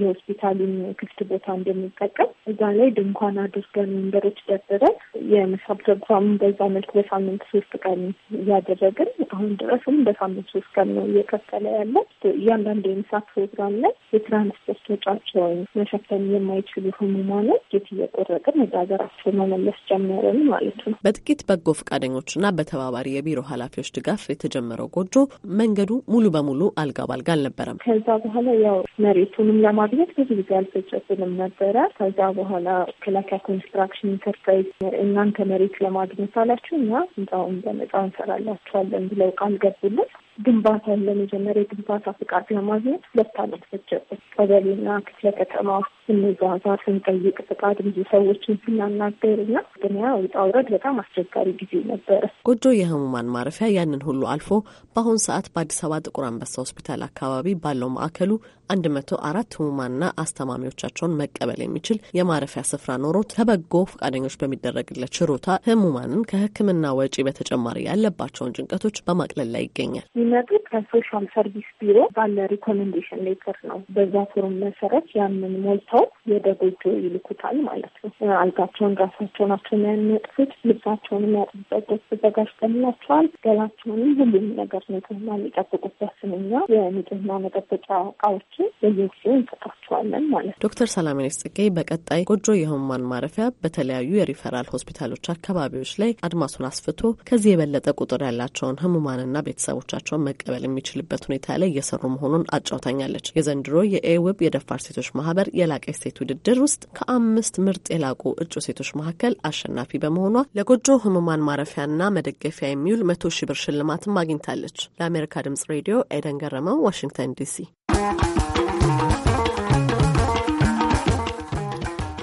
የሆስፒታሉን ክፍት ቦታ እንደሚጠቀም እዛ ላይ ድንኳን አድርገን ወንበሮች ደርድረን የምሳ ፕሮግራም በዛ መልክ በሳምንት ሶስት ቀን እያደረግን አሁን ድረስም በሳምንት ሶስት ቀን ነው እየከፈለ ያለ። እያንዳንዱ የምሳ ፕሮግራም ላይ የትራንስፖርት ወጪያቸውን መሸፈን የማይችሉ ህሙማኖች ጌት እየቆረጥን ወደ ሀገራቸው መመለስ ጀመረን ማለት ነው። በጥቂት በጎ ፈቃደኞችና በተባባሪ የቢሮ ኃላፊዎች ድጋፍ የተጀመረው ጎጆ መንገዱ ሙሉ በሙሉ አልጋ ባልጋ አልነበረም። ከዛ በኋላ ያው መሬቱንም ለማግኘት ብዙ ጊዜ አልፈጨብንም ነበረ። ከዛ በኋላ ከላኪያ ኮንስትራክሽን ኢንተርፕራይዝ እናንተ መሬት ለማግኘት አላችሁ እኛ ህንፃውን በነፃ እንሰራላችኋለን ብለው ቃል ገቡልን። ግንባታን ለመጀመር የግንባታ ፍቃድ ለማግኘት ሁለት ዓመት ፈጀበት። ቀበሌና ክፍለ ከተማ ስንጓዛ ስንጠይቅ ፍቃድ ብዙ ሰዎችን ስናናገር እና ግንያ ውጣ ውረድ በጣም አስቸጋሪ ጊዜ ነበረ። ጎጆ የህሙማን ማረፊያ ያንን ሁሉ አልፎ በአሁን ሰዓት በአዲስ አበባ ጥቁር አንበሳ ሆስፒታል አካባቢ ባለው ማዕከሉ አንድ መቶ አራት ህሙማንና አስተማሚዎቻቸውን መቀበል የሚችል የማረፊያ ስፍራ ኖሮት ከበጎ ፈቃደኞች በሚደረግለት ችሮታ ህሙማንን ከህክምና ወጪ በተጨማሪ ያለባቸውን ጭንቀቶች በማቅለል ላይ ይገኛል። የሚመጡት ከሶሻል ሰርቪስ ቢሮ ባለ ሪኮሜንዴሽን ሌተር ነው። በዛ ፎርም መሰረት ያንን ሞልተው ወደ ጎጆ ይልኩታል ማለት ነው። አልጋቸውን ራሳቸው ናቸው የሚያነጥፉት። ልብሳቸውንም ያጥበት ተዘጋጅተንላቸዋል። ገላቸውንም ሁሉም ነገር ንጽህና የሚጠብቁበት ስምኛ የንጽህና መጠበቂያ እቃዎችን በየጊዜው እንሰጣቸዋለን ማለት ነው። ዶክተር ሰላሜነሽ ጽጌ በቀጣይ ጎጆ የህሙማን ማረፊያ በተለያዩ የሪፈራል ሆስፒታሎች አካባቢዎች ላይ አድማሱን አስፍቶ ከዚህ የበለጠ ቁጥር ያላቸውን ህሙማንና ቤተሰቦቻቸው ራሳቸውን መቀበል የሚችልበት ሁኔታ ላይ እየሰሩ መሆኑን አጫውታኛለች። የዘንድሮ የኤውብ የደፋር ሴቶች ማህበር የላቀች ሴት ውድድር ውስጥ ከአምስት ምርጥ የላቁ እጩ ሴቶች መካከል አሸናፊ በመሆኗ ለጎጆ ህሙማን ማረፊያና መደገፊያ የሚውል መቶ ሺ ብር ሽልማትም አግኝታለች። ለአሜሪካ ድምጽ ሬዲዮ ኤደን ገረመው፣ ዋሽንግተን ዲሲ።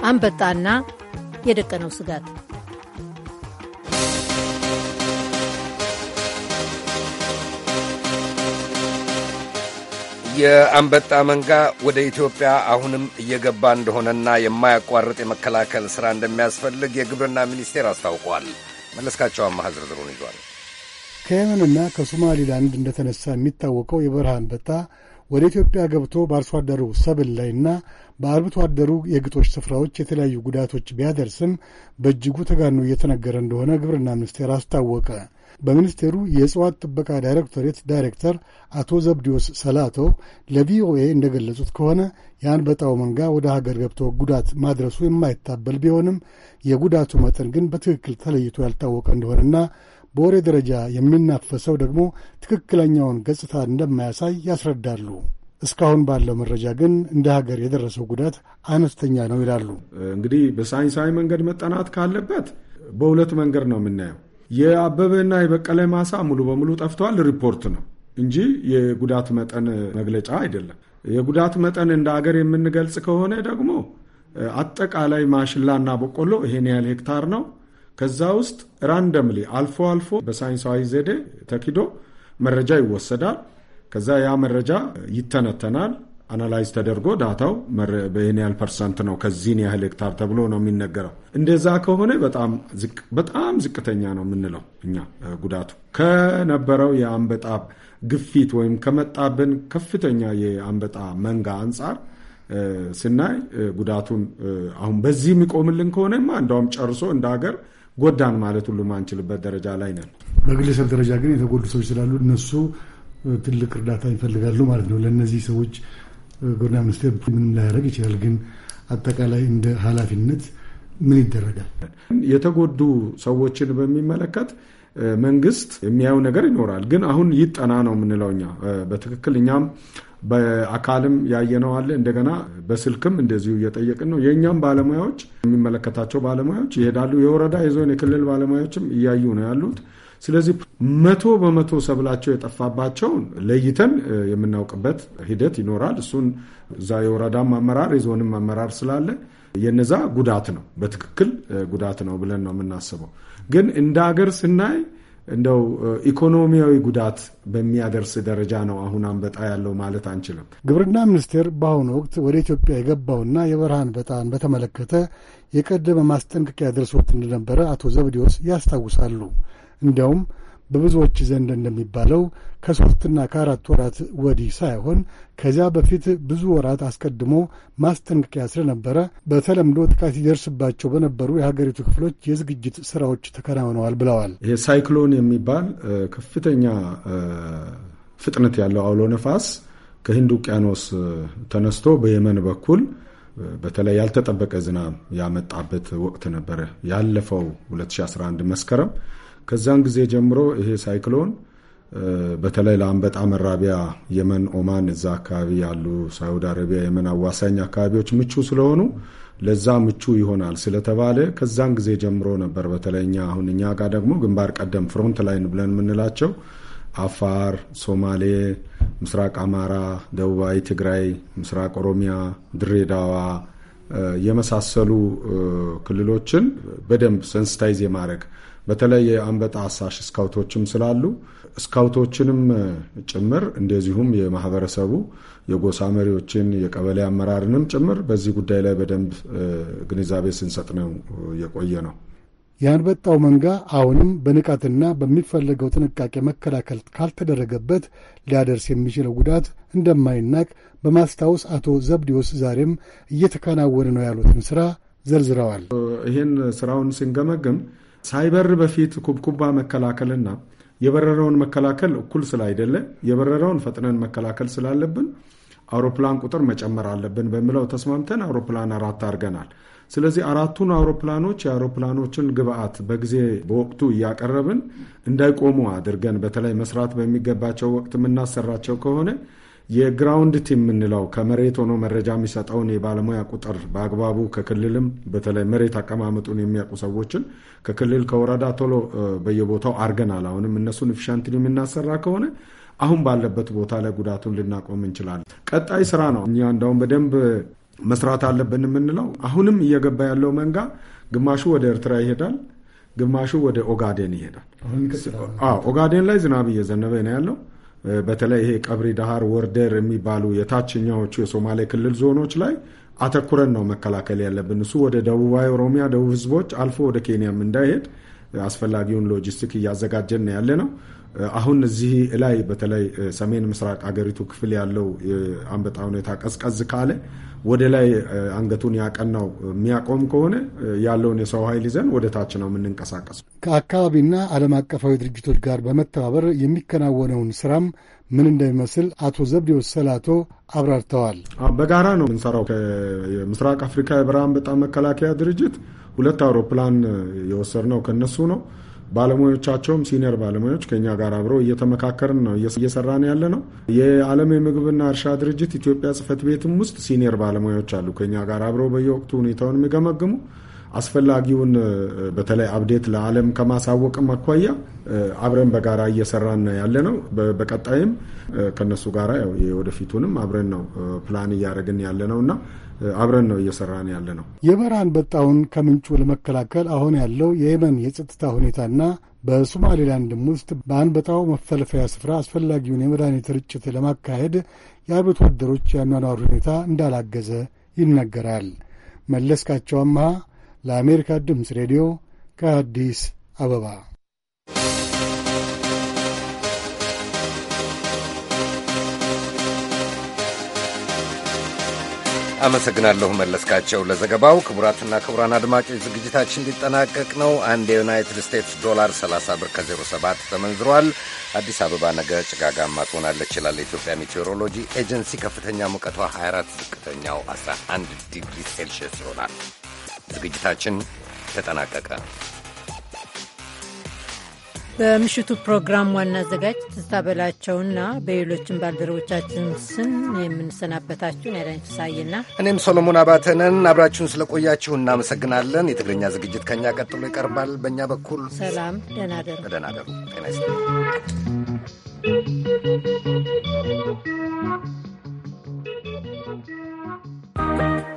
አንበጣና የደቀነው ስጋት የአንበጣ መንጋ ወደ ኢትዮጵያ አሁንም እየገባ እንደሆነና የማያቋርጥ የመከላከል ሥራ እንደሚያስፈልግ የግብርና ሚኒስቴር አስታውቋል። መለስካቸው አማሃ ዝርዝሩን ይዟል። ከየመንና ከሶማሊላንድ እንደተነሳ የሚታወቀው የበረሃ አንበጣ ወደ ኢትዮጵያ ገብቶ በአርሶ አደሩ ሰብል ላይና በአርብቶ አደሩ የግጦሽ ስፍራዎች የተለያዩ ጉዳቶች ቢያደርስም በእጅጉ ተጋኖ እየተነገረ እንደሆነ ግብርና ሚኒስቴር አስታወቀ። በሚኒስቴሩ የእጽዋት ጥበቃ ዳይሬክቶሬት ዳይሬክተር አቶ ዘብዲዮስ ሰላቶ ለቪኦኤ እንደገለጹት ከሆነ የአንበጣው መንጋ ወደ ሀገር ገብቶ ጉዳት ማድረሱ የማይታበል ቢሆንም የጉዳቱ መጠን ግን በትክክል ተለይቶ ያልታወቀ እንደሆነና በወሬ ደረጃ የሚናፈሰው ደግሞ ትክክለኛውን ገጽታ እንደማያሳይ ያስረዳሉ። እስካሁን ባለው መረጃ ግን እንደ ሀገር የደረሰው ጉዳት አነስተኛ ነው ይላሉ። እንግዲህ በሳይንሳዊ መንገድ መጠናት ካለበት በሁለት መንገድ ነው የምናየው። የአበበና የበቀለ ማሳ ሙሉ በሙሉ ጠፍተዋል ሪፖርት ነው እንጂ የጉዳት መጠን መግለጫ አይደለም። የጉዳት መጠን እንደ ሀገር የምንገልጽ ከሆነ ደግሞ አጠቃላይ ማሽላና በቆሎ ይሄን ያህል ሄክታር ነው። ከዛ ውስጥ ራንደምሊ አልፎ አልፎ በሳይንሳዊ ዘዴ ተኪዶ መረጃ ይወሰዳል። ከዛ ያ መረጃ ይተነተናል አናላይዝ ተደርጎ ዳታው በይህን ያህል ፐርሰንት ነው ከዚህን ያህል ሄክታር ተብሎ ነው የሚነገረው። እንደዛ ከሆነ በጣም ዝቅተኛ ነው የምንለው እኛ ጉዳቱ ከነበረው የአንበጣ ግፊት ወይም ከመጣብን ከፍተኛ የአንበጣ መንጋ አንጻር ስናይ ጉዳቱን አሁን በዚህ የሚቆምልን ከሆነማ እንዳውም ጨርሶ እንደ ሀገር ጎዳን ማለት ሁሉ ማንችልበት ደረጃ ላይ ነን። በግለሰብ ደረጃ ግን የተጎዱ ሰዎች ስላሉ እነሱ ትልቅ እርዳታ ይፈልጋሉ ማለት ነው። ለእነዚህ ሰዎች ጎና ሚኒስቴር ምን ላያደርግ ይችላል? ግን አጠቃላይ እንደ ኃላፊነት ምን ይደረጋል? የተጎዱ ሰዎችን በሚመለከት መንግስት የሚያየው ነገር ይኖራል። ግን አሁን ይጠና ነው የምንለው እኛ በትክክል እኛም በአካልም ያየነው አለ። እንደገና በስልክም እንደዚሁ እየጠየቅን ነው። የእኛም ባለሙያዎች የሚመለከታቸው ባለሙያዎች ይሄዳሉ። የወረዳ የዞን፣ የክልል ባለሙያዎችም እያዩ ነው ያሉት። ስለዚህ መቶ በመቶ ሰብላቸው የጠፋባቸውን ለይተን የምናውቅበት ሂደት ይኖራል። እሱን እዛ የወረዳም አመራር የዞንም አመራር ስላለ የነዛ ጉዳት ነው፣ በትክክል ጉዳት ነው ብለን ነው የምናስበው። ግን እንደ አገር ስናይ እንደው ኢኮኖሚያዊ ጉዳት በሚያደርስ ደረጃ ነው አሁን አንበጣ ያለው ማለት አንችልም። ግብርና ሚኒስቴር በአሁኑ ወቅት ወደ ኢትዮጵያ የገባውና የበረሃ አንበጣን በተመለከተ የቀደመ ማስጠንቀቂያ ደርሶት እንደነበረ አቶ ዘብዲዎስ ያስታውሳሉ። እንዲያውም በብዙዎች ዘንድ እንደሚባለው ከሶስትና ከአራት ወራት ወዲህ ሳይሆን ከዚያ በፊት ብዙ ወራት አስቀድሞ ማስጠንቀቂያ ስለነበረ በተለምዶ ጥቃት ይደርስባቸው በነበሩ የሀገሪቱ ክፍሎች የዝግጅት ስራዎች ተከናውነዋል ብለዋል። ይሄ ሳይክሎን የሚባል ከፍተኛ ፍጥነት ያለው አውሎ ነፋስ ከህንድ ውቅያኖስ ተነስቶ በየመን በኩል በተለይ ያልተጠበቀ ዝናብ ያመጣበት ወቅት ነበረ። ያለፈው 2011 መስከረም ከዛን ጊዜ ጀምሮ ይሄ ሳይክሎን በተለይ ለአንበጣ መራቢያ የመን፣ ኦማን እዛ አካባቢ ያሉ ሳውዲ አረቢያ፣ የመን አዋሳኝ አካባቢዎች ምቹ ስለሆኑ ለዛ ምቹ ይሆናል ስለተባለ ከዛን ጊዜ ጀምሮ ነበር በተለይኛ አሁን እኛ ጋር ደግሞ ግንባር ቀደም ፍሮንት ላይን ብለን የምንላቸው አፋር፣ ሶማሌ፣ ምስራቅ አማራ፣ ደቡባዊ ትግራይ፣ ምስራቅ ኦሮሚያ፣ ድሬዳዋ የመሳሰሉ ክልሎችን በደንብ ሰንስታይዝ የማድረግ በተለይ የአንበጣ አሳሽ ስካውቶችም ስላሉ ስካውቶችንም ጭምር እንደዚሁም የማህበረሰቡ የጎሳ መሪዎችን የቀበሌ አመራርንም ጭምር በዚህ ጉዳይ ላይ በደንብ ግንዛቤ ስንሰጥ ነው የቆየ ነው። የአንበጣው መንጋ አሁንም በንቃትና በሚፈለገው ጥንቃቄ መከላከል ካልተደረገበት ሊያደርስ የሚችለው ጉዳት እንደማይናቅ በማስታወስ አቶ ዘብዲዎስ ዛሬም እየተከናወነ ነው ያሉትን ስራ ዘርዝረዋል። ይህን ስራውን ስንገመግም ሳይበር በፊት ኩብኩባ መከላከልና የበረረውን መከላከል እኩል ስላይደለ የበረረውን ፈጥነን መከላከል ስላለብን አውሮፕላን ቁጥር መጨመር አለብን በሚለው ተስማምተን አውሮፕላን አራት አድርገናል። ስለዚህ አራቱን አውሮፕላኖች የአውሮፕላኖችን ግብአት በጊዜ በወቅቱ እያቀረብን እንዳይቆሙ አድርገን በተለይ መስራት በሚገባቸው ወቅት የምናሰራቸው ከሆነ የግራውንድ ቲም የምንለው ከመሬት ሆኖ መረጃ የሚሰጠውን የባለሙያ ቁጥር በአግባቡ ከክልልም በተለይ መሬት አቀማመጡን የሚያውቁ ሰዎችን ከክልል ከወረዳ ቶሎ በየቦታው አድርገናል። አሁንም እነሱን ኤፊሻንትን የምናሰራ ከሆነ አሁን ባለበት ቦታ ላይ ጉዳቱን ልናቆም እንችላለን። ቀጣይ ስራ ነው። እኛ እንደውም በደንብ መስራት አለብን የምንለው አሁንም እየገባ ያለው መንጋ ግማሹ ወደ ኤርትራ ይሄዳል፣ ግማሹ ወደ ኦጋዴን ይሄዳል። ኦጋዴን ላይ ዝናብ እየዘነበ ነው ያለው። በተለይ ይሄ ቀብሪ ዳሃር፣ ወርደር የሚባሉ የታችኛዎቹ የሶማሌ ክልል ዞኖች ላይ አተኩረን ነው መከላከል ያለብን። እሱ ወደ ደቡባዊ ኦሮሚያ ደቡብ ህዝቦች አልፎ ወደ ኬንያም እንዳይሄድ አስፈላጊውን ሎጂስቲክ እያዘጋጀን ያለ ነው። አሁን እዚህ ላይ በተለይ ሰሜን ምስራቅ አገሪቱ ክፍል ያለው አንበጣ ሁኔታ ቀዝቀዝ ካለ ወደ ላይ አንገቱን ያቀናው የሚያቆም ከሆነ ያለውን የሰው ኃይል ይዘን ወደ ታች ነው የምንንቀሳቀሰው። ከአካባቢና ዓለም አቀፋዊ ድርጅቶች ጋር በመተባበር የሚከናወነውን ስራም ምን እንደሚመስል አቶ ዘብዴዎስ ሰላቶ አብራርተዋል። በጋራ ነው የምንሰራው። ከምስራቅ አፍሪካ የብርሃን በጣም መከላከያ ድርጅት ሁለት አውሮፕላን የወሰድነው ከነሱ ነው። ባለሙያዎቻቸውም ሲኒየር ባለሙያዎች ከኛ ጋር አብረው እየተመካከርን ነው እየሰራ ነው ያለ ነው። የዓለም የምግብና እርሻ ድርጅት ኢትዮጵያ ጽህፈት ቤትም ውስጥ ሲኒየር ባለሙያዎች አሉ ከኛ ጋር አብረው በየወቅቱ ሁኔታውን የሚገመግሙ አስፈላጊውን በተለይ አብዴት ለዓለም ከማሳወቅ አኳያ አብረን በጋራ እየሰራን ያለ ነው። በቀጣይም ከነሱ ጋር ወደፊቱንም አብረን ነው ፕላን እያደረግን ያለ ነው እና አብረን ነው እየሰራን ያለ ነው። የበረሃ አንበጣውን ከምንጩ ለመከላከል አሁን ያለው የየመን የጸጥታ ሁኔታና በሶማሌላንድም ውስጥ በአንበጣው መፈለፈያ ስፍራ አስፈላጊውን የመድኃኒት ርጭት ለማካሄድ የአርብቶ አደሮች የአኗኗር ሁኔታ እንዳላገዘ ይነገራል። መለስካቸው አመሃ ለአሜሪካ ድምፅ ሬዲዮ ከአዲስ አበባ አመሰግናለሁ መለስካቸው ለዘገባው። ክቡራትና ክቡራን አድማጮች ዝግጅታችን ሊጠናቀቅ ነው። አንድ የዩናይትድ ስቴትስ ዶላር 30 ብር ከ07 ተመንዝሯል። አዲስ አበባ ነገ ጭጋጋማ ትሆናለች ይላል የኢትዮጵያ ሜቴዎሮሎጂ ኤጀንሲ። ከፍተኛ ሙቀቷ 24፣ ዝቅተኛው 11 ዲግሪ ሴልሺየስ ይሆናል። ዝግጅታችን ተጠናቀቀ። በምሽቱ ፕሮግራም ዋና አዘጋጅ ትዝታ በላቸውና በሌሎችም ባልደረቦቻችን ስም የምንሰናበታችሁን ያዳኝ ፍሳዬና እኔም ሶሎሞን አባተነን አብራችሁን ስለቆያችሁ እናመሰግናለን። የትግርኛ ዝግጅት ከእኛ ቀጥሎ ይቀርባል። በእኛ በኩል ሰላም፣ ደህና ደሩ፣ ደህና ደሩ። thank you